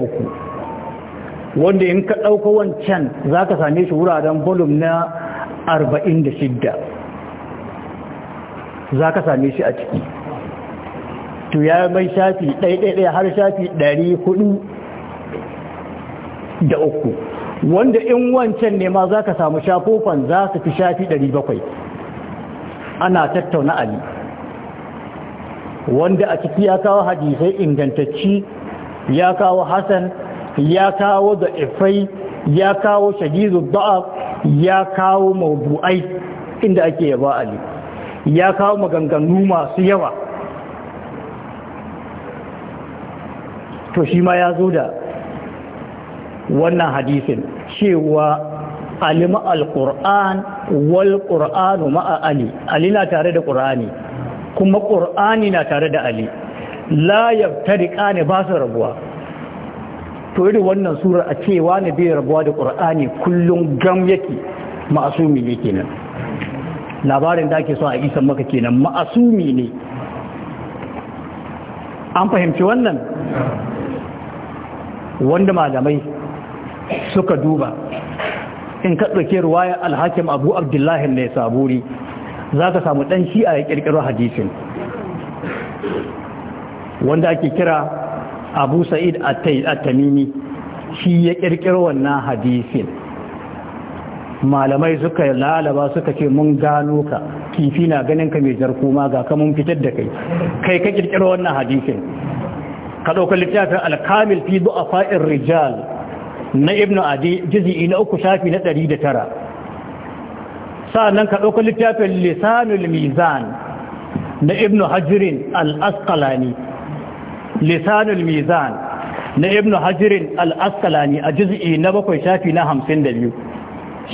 A: wanda in ka ɗauka wancan za ka same shi wuraren volume na 46 za ka same shi a ciki to ya mai shafi ɗaiɗaiɗai har shafi ɗari da uku wanda in wancan ne ma za ka samu shafofan za su fi shafi 700 ana tattauna ali wanda a ciki ya kawo hadisai ingantacci ya kawo Hassan, ya kawo da ifai ya kawo shagizu ba'a ya kawo mabu'ai inda ake yaba ali ya kawo maganganu masu yawa to shi ma ya zo da wannan hadisin cewa alima alquran wal qur'anu ma'a ali ali na tare da qur'ani kuma Ƙur'ani na tare da ali la yabtariqani ba su rabuwa to irin wannan sura a cewa ne bai rabuwa da qur'ani kullum gam yake ma'asumi ne kenan labarin da ake so a isan maka kenan ma'asumi ne an fahimci wannan wanda malamai suka duba in ka ɗauke ruwaya alhakim abu abdullahi ne saburi za ka samu ɗan shi a ya ƙirƙiro hadisin wanda ake kira abu sa'id at-tamimi shi ya ƙirƙiro wannan hadisin malamai suka lalaba suka ce mun gano ka kifi na ganin ka mai jarkuma ga ka mun fitar da kai kai ka ƙirƙiro wannan hadisin ka ɗaukar littafin alkamil fi fa'in rijal na ibnu adi jizi'i na uku shafi na ɗari da tara sa'annan ka ɗauka littafin lisanul mizan na ibnu hajirin al'askalani lisanul mizan na ibnu hajirin al'askalani a jizi'i na bakwai shafi na hamsin da biyu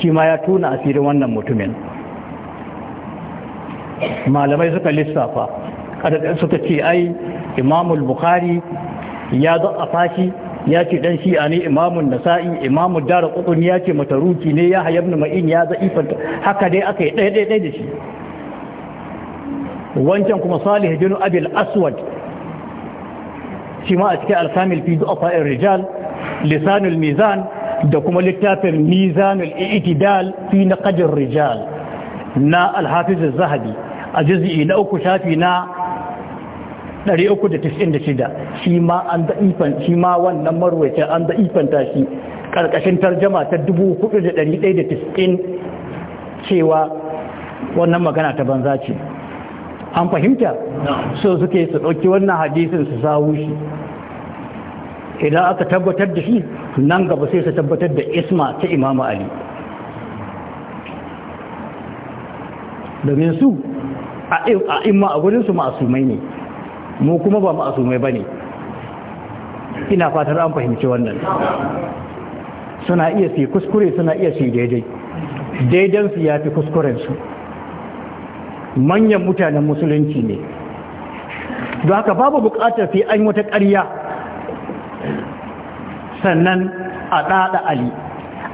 A: shi ma ya tuna asirin wannan mutumin malamai suka lissafa suka ce ai imamul bukhari ya zo a fashi ya ce dan shi'a ne imamun nasa'i imamu dara kutun ya ce mataruki ne ya hayabnu ma'in ya za'ifanta haka dai aka yi ɗaya ɗaya da shi wancan kuma salih jinu abil aswad shi ma a cikin alkamil fi du'afa rijal lisanul mizan da kuma littafin mizanul i'tidal fi kajin rijal na alhafiz zahabi a juz'i na uku shafi na 396 shi ma an da ifan shi ma wannan marwaci an da ifanta shi karkashin tarjama ta 4190 cewa wannan magana ta banza ce an fahimta so suke su ɗauki wannan hadisin su sawo shi idan aka tabbatar da shi nan gaba sai su tabbatar da isma ta imamu ali domin su a imma a gudunsu masumai ne mu kuma ba ma'asumai ba ne ina fatar an fahimci wannan suna iya fi kuskure suna iya su daidai daidansu ya fi kuskurensu manyan mutanen musulunci ne don haka babu bukatar sai an wata ƙarya sannan a ɗaɗa ali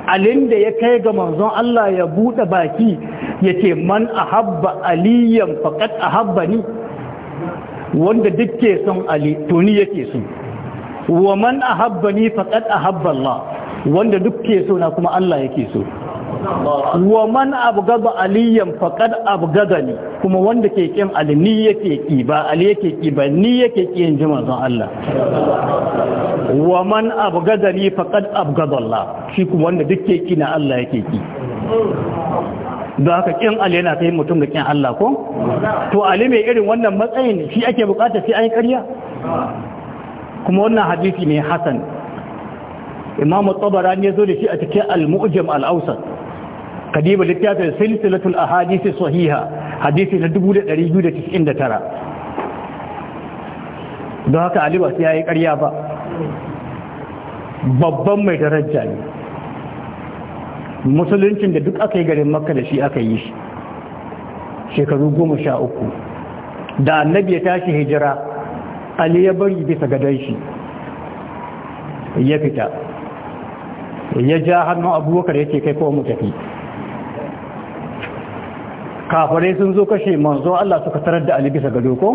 A: alin da ya kai ga manzon Allah ya buɗe baki ya ce man a habba aliyan faƙat a habba ni wanda duk ke son ali to ni yake so wa man ahabbani faqad ahabba Allah wanda duk ke so na kuma Allah yake so wa man abgada aliyan faqad abgadani kuma wanda ke kin ali ni yake ki ba ali yake ki ba ni yake ki yin ji don Allah wa man abgadani faqad abgada Allah shi kuma wanda duk ke ki na Allah yake ki don haka kin Allah yana kai mutum ga kin Allah ko to ali mai irin wannan matsayin shi ake bukata sai an yi ƙarya kuma wannan hadisi ne hasan imam tabarani ya zo da shi a cikin al-mu'jam al-awsat kadiba littafin silsilatul ahadith sahiha hadisi na 1299 don haka ali ba sai yi ƙarya ba babban mai daraja ne musuluncin da duk aka yi garin makka da shi aka yi shi shekaru goma sha uku da annabi ya tashi hijira ali ya bari bisa gadon shi ya fita ya ja abubuwa abubakar ya ce kai kowa mu tafi kafarai sun zo kashe manzo Allah suka tarar da ali bisa gado ko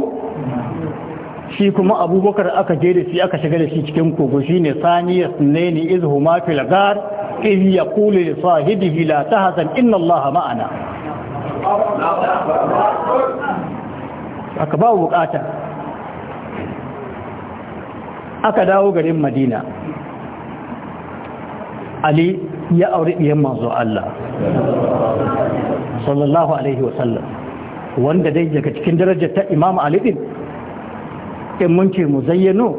A: shi kuma abubakar aka je da shi aka shiga da shi cikin kogo shi ne izu ma fi lagar iz ya kule da sahibi hila ta hasan inna allaha ma'ana aka ba bukata aka dawo garin madina ali ya auri ɗiyan manzo Allah sallallahu alaihi wasallam wanda dai daga cikin darajar ta imama alidin. in mun ce mu zayyano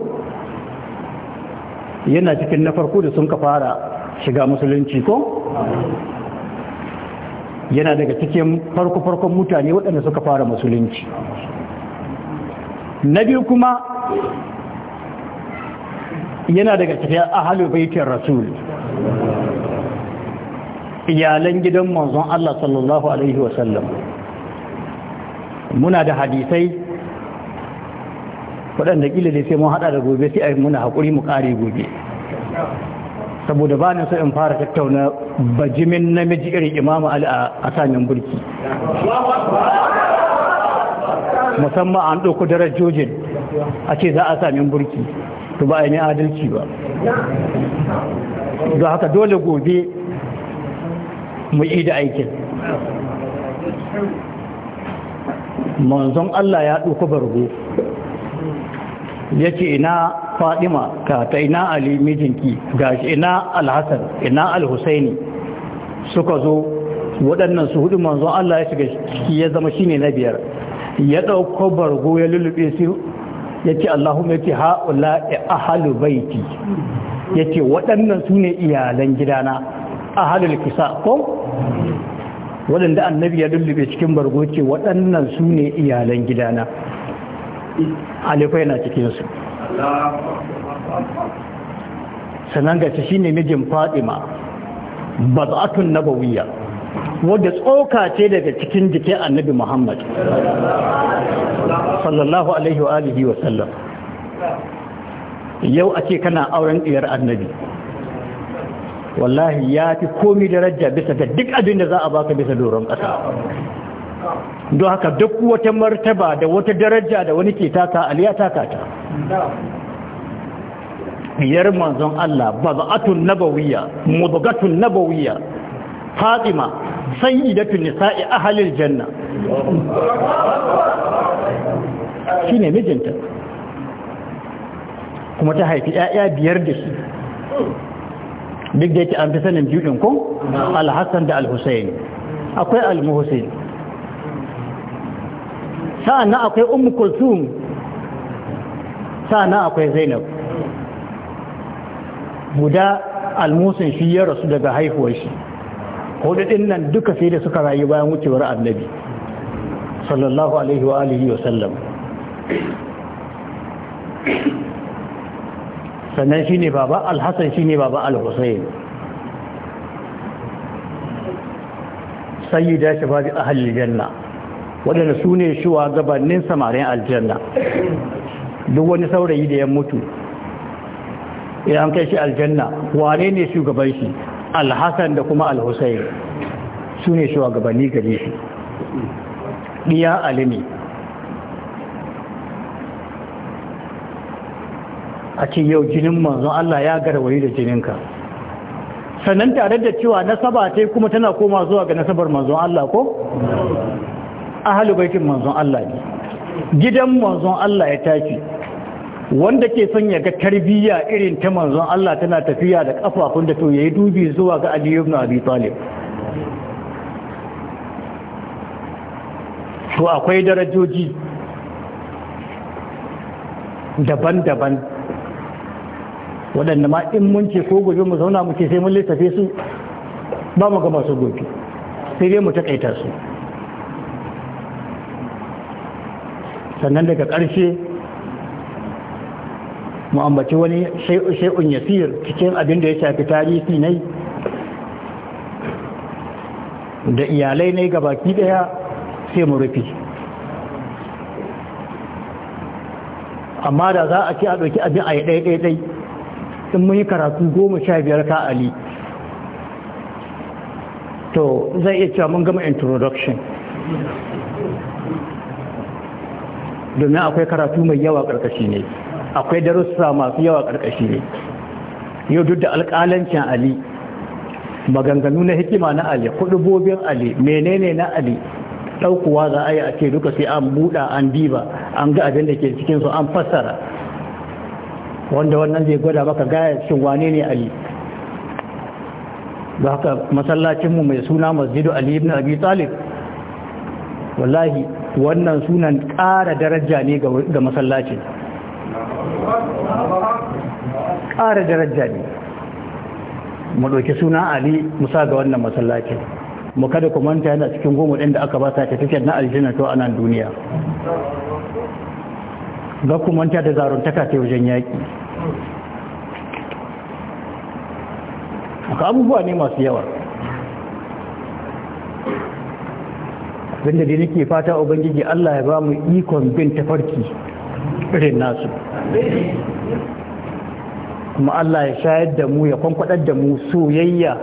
A: yana cikin na farko da sun ka fara shiga musulunci ko yana daga cikin farko-farkon mutane waɗanda suka fara musulunci na biyu kuma yana daga cikin ahalu baitin rasul iyalan gidan manzon Allah sallallahu alaihi wasallam muna da hadisai waɗanda ƙila da sai mun haɗa da gobe sai a yi muna haƙuri mu ƙare gobe saboda ba ni so in fara tattauna bajimin namiji irin imamu ali a samin burki musamman an ɗauko jojin a ce za a samin burki to ba a yi adalci ba don haka dole gobe mu yi da aikin manzon Allah ya ɗauko bargo ya ce ina fadima ka ta ina ali mijinki gashi ina alhassan ina alhussaini suka zo waɗannan su hudu manzon Allah ya shiga shi ya zama ne na biyar ya ɗauko bargo ya lullube su ya ce Allahumma ya ce ha'ula ahalu baiti ya ce waɗannan su ne iyalan gidana ahalul kisa ko waɗanda annabi ya lullube cikin bargo ce waɗannan su ne iyalan gidana alifai na cikinsu sannan gaci shi ne mijin fatima bazatun nabawiyya wadda tsoka ce daga cikin jikin annabi muhammad sallallahu alaihi wa alihi wa sallam yau a kana auren ɗiyar annabi wallahi ya fi komi daraja bisa da duk abin da za a baka bisa doron
B: ƙasa
A: don haka duk wata martaba da wata daraja da wani ke taka aliyar taka ta biyar manzon Allah bazatun nabawiyya mudgatun nabawiyya fatima sayyidatun nisa'i ahlil janna shine mijinta kuma ta haifi 'ya'ya biyar da shi duk da yake an fi sanin biyu ɗin ko al da al akwai al sa'annan akwai ummu kulsum sa'annan akwai zainab guda almusin shi ya rasu daga haihuwar shi hudadin nan duka sai da suka rayu bayan wucewar annabi sallallahu alaihi wa alihi wa sallam sannan shi ne baba alhassan shi ne baba alhussein sayyida shafafi ahalil janna waɗanda su ne gabanin samarin aljanna duk wani saurayi da ya mutu idan kai shi aljanna wane ne shugaban shi alhassan da kuma alhussain su ne shugabanni gare shi ɗiya alimi a ce yau jinin manzon Allah ya garwayi da jininka sannan tare da cewa nasaba ta kuma tana koma zuwa ga nasabar manzon Allah ko ahalu baitin manzon Allah ne gidan manzon Allah ya tafi wanda ke son ya ga tarbiyya irin ta manzon Allah tana tafiya da kafafun da to yayi dubi zuwa ga Ali ibn Abi Talib to akwai darajoji daban-daban waɗanda ma in mun ce ko gobe mu zauna muke sai mun lissafe su ba mu ga masu gobe sai dai mu taƙaita su sannan daga ƙarshe mu wani shay'un yasir cikin abin da ya shafi tarihi ne da iyalai ne gabaki daya sai mu rufe amma da za a ce a ɗauki abin a yi ɗaiɗaiɗai in mun yi karatu goma sha biyar ka ali to zai iya cewa mun gama introduction domin akwai karatu mai yawa ƙarƙashi ne akwai darussa masu yawa ƙarƙashi ne yau duk da alƙalancin ali maganganu na hikima na ali kudubobin ali menene na ali ɗaukuwa za a yi a ce duka sai an buɗa an diba an ga abin da ke su an fassara wanda wannan zai gwada maka gaya shin wane ne ali ba haka masallacinmu mai suna masjidu ali ibn abi talib wallahi wannan sunan ƙara daraja ne ga masallaci ƙara daraja ne mu ɗauki suna ali musa ga wannan masallaci mu kada ku manta yana cikin goma ɗin da aka ba sa tafiya na aljanna to a duniya ga ku manta da zaruntaka ta wajen yaƙi ka abubuwa ne masu yawa abinda da nake fata ubangiji Allah ya ba mu ikon bin tafarki irin nasu kuma Allah ya shayar da mu ya kwankwadar da mu soyayya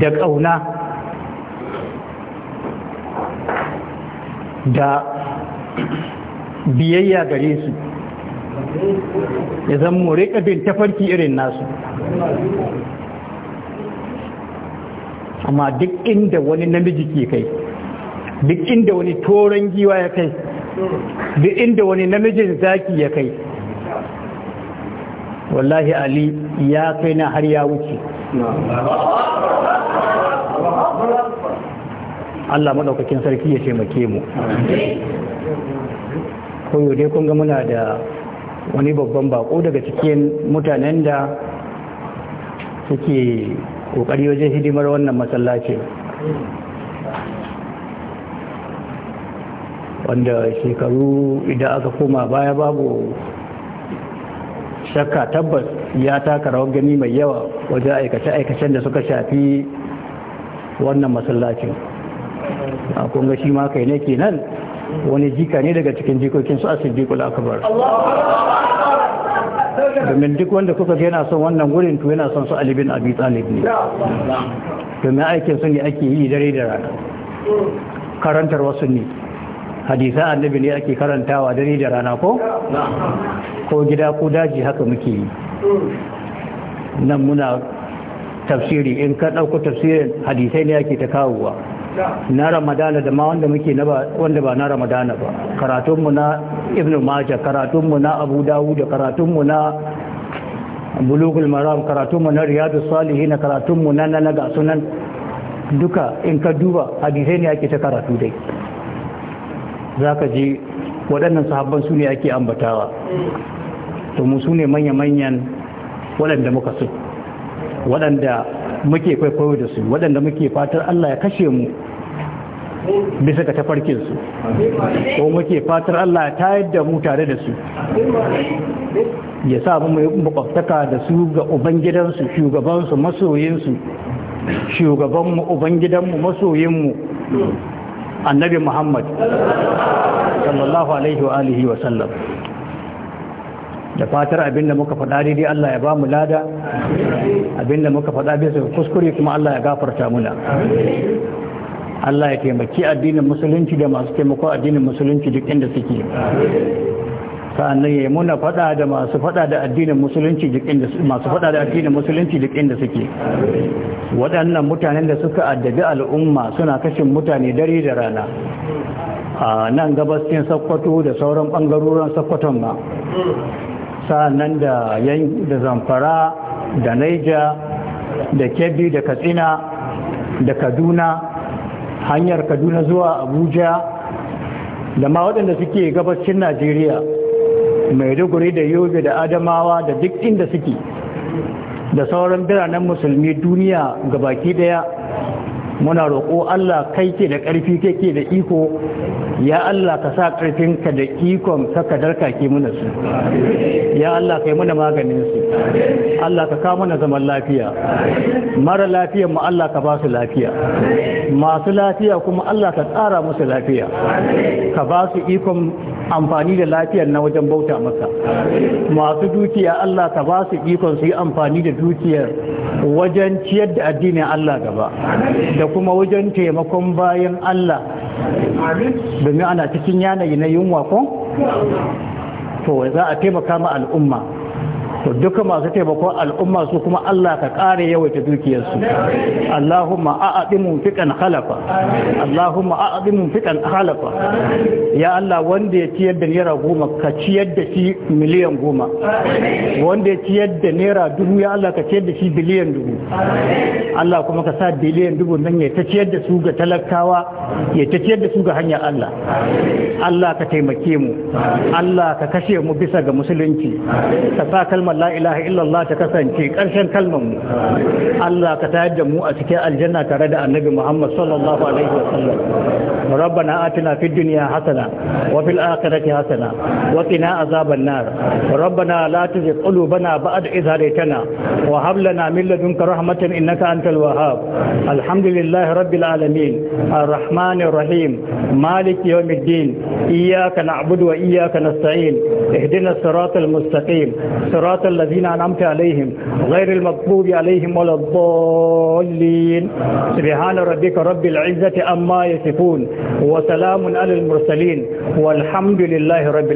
A: da ƙauna da biyayya gare su ya zan mu riƙa bin tafarki irin nasu amma duk inda wani namiji ke kai duk inda wani toron giwa ya kai duk inda wani namijin zaki ya kai wallahi ali ya kai na har ya wuce Allah maɗaukakin sarki ya taimake mu koyo dai kun ga muna da wani babban bako daga cikin mutanen da suke ƙoƙari wajen hidimar wannan masallacin wanda shekaru idan aka koma baya babu shakka tabbas ya taka rawar gani mai yawa wajen aikace-aikacen da suka shafi wannan masallacin a kunga shi ma kai ne kenan wani jika ne daga cikin jikokin su asiddiqul akabar domin duk wanda kuka ga yana son wannan wurin to yana son su Alibin bin Abi Talib ne domin aikin su ne ake yi dare da rana karantar wasu ne hadisa annabi ne ake karantawa dare da rana ko ko gida ko daji haka muke yi nan muna tafsiri in ka ɗauko tafsirin hadisai ne ake ta kawowa na ramadana da ma wanda muke wanda ba na ramadana ba karatunmu na ibn majah karatunmu na abu dawud da karatunmu na bulugul maram karatunmu na riyadu salihin karatunmu na na ga sunan duka in ka duba hadisai ne ake ta karatu dai za ka ji waɗannan sahabban su ne ake ambatawa domin su ne manya-manyan waɗanda muka su waɗanda muke kwaikwayo da su waɗanda muke fatar Allah ya kashe mu bisa ga tafarkinsu ko muke fatar Allah ya tayar da mu tare da su ya sa mu makwabtaka da su ga ubangidansu shugabansu masoyinsu shugabanmu ubangidanmu masoyinmu annabi muhammad sallallahu alaihi wa alihi wa sallam da fatar abinda muka faɗa daidai Allah ya bamu lada abinda muka faɗa bisa kuskure kuma Allah ya gafarta muna Allah ya taimaki addinin musulunci da masu taimako addinin musulunci duk inda suke sa'annan ya muna fada da masu fada da addinin musulunci da masu fada da addinin musulunci duk inda suke waɗannan mutanen da suka addabi al'umma suna kashin mutane dare da rana a nan cikin sakkwato da sauran ɓangarorin sakkwaton ma sa'annan da da zamfara da naija da kebbi da katsina da kaduna hanyar kaduna zuwa abuja da ma waɗanda suke gabashin najeriya maiduguri da yobe da adamawa da duk inda suke da sauran biranen musulmi duniya ga baki daya muna roƙo Allah kai ke da ƙarfi kai ke da iko ya Allah ka sa ƙarfinka da ikon ka darka ke muna su ya Allah ka yi muna maganin su Allah ka kawo muna zaman lafiya mara lafiya mu Allah ka ba su lafiya masu lafiya kuma Allah ka tsara musu lafiya ka ba su ikon amfani da lafiyar na wajen bauta maka masu dukiya Allah ka ba su ikon su yi amfani da dukiyar wajen ciyar da addinin Allah gaba da kuma wajen taimakon bayan Allah domin ana cikin yanayi na yunwa ko to za a taimaka ma al'umma to duka masu taimakon al'umma su kuma Allah ka kare yawaita dukiyarsu Allahumma a'adimu munfiqan khalafa Allahumma a'adimu munfiqan khalafa ya Allah wanda ya ciyar da naira goma ka ciyar da shi miliyan goma wanda ya ciyar da naira dubu ya Allah ka ciyar da shi biliyan dubu Allah kuma ka sa biliyan dubu nan ya ta ciyar da su ga talakawa ya ta ciyar da su ga hanyar Allah Allah ka taimake mu Allah ka kashe mu bisa ga musulunci ka sa kalmar kalmar la ilaha illallah ta kasance karshen kalmar mu Allah ka tayar da mu a cikin aljanna tare da annabi Muhammad sallallahu alaihi wa sallam rabbana atina fid dunya hasana wa fil akhirati hasana wa qina azaban nar rabbana la tuzigh qulubana ba'da idh hadaytana wa hab lana min ladunka rahmatan innaka antal wahhab alhamdulillah rabbil alamin arrahmanir rahim maliki yawmiddin iyyaka na'budu wa iyyaka nasta'in ihdina as-sirata al-mustaqim sirata صراط الذين أنعمت عليهم غير المغضوب عليهم ولا الضالين سبحان ربك رب العزة أما يصفون وسلام على المرسلين والحمد لله رب